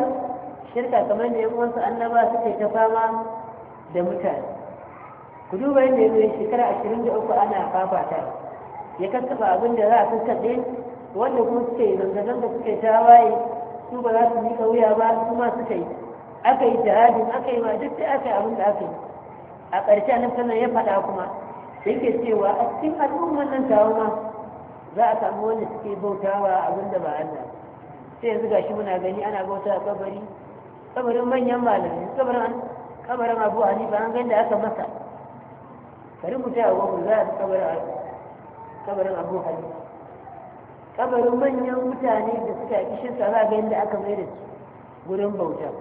shirka kamar da wasu annaba suke ta fama da mutane ku duba yadda ya zo shekara ashirin da uku ana fafata ya kasafa abin da za a kaskaɗe wanda kuma suke zanga-zanga suke tawaye su ba za su miƙa wuya ba su ma suka yi aka yi jihadin aka yi ma duk sai aka yi abin da aka yi a ƙarshe nan sallallahu ya faɗa kuma yake cewa a cikin al'ummar nan tawo ma za a samu wanda suke bautawa abin da ba Allah sai yanzu gashi muna gani ana bauta a kabari kabarin manyan malamai kabarin kabarin Abu Hanifa an gani da aka masa kari mu taya wa za a kabarin kabarin Abu Hanifa kabarin manyan mutane da suka kishin sa za ga yadda aka mai da su gurin bauta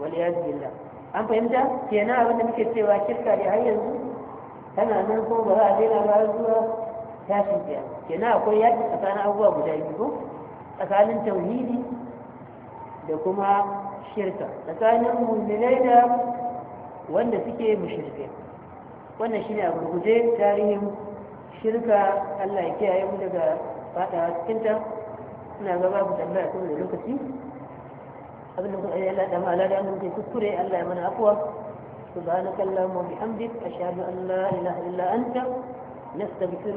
wani ya billah an fahimta kenan abin muke cewa shirka ne har yanzu tana nan ko ba za a daina ba zuwa tashin biya kenan akwai yaki tsakanin abubuwa guda biyu ko tsakanin tauhidi da kuma shirka tsakanin mulmulai da wanda suke mushirkai wannan shine a gurguje tarihin shirka Allah ya kiyaye mu daga fadawa cikinta suna gaba ku tambaya kuma da lokaci abin da kuma Allah da mala da mun kuskure Allah ya mana afwa subhanakallahumma wa bihamdik ashhadu an la ilaha illa anta nastaghfiruka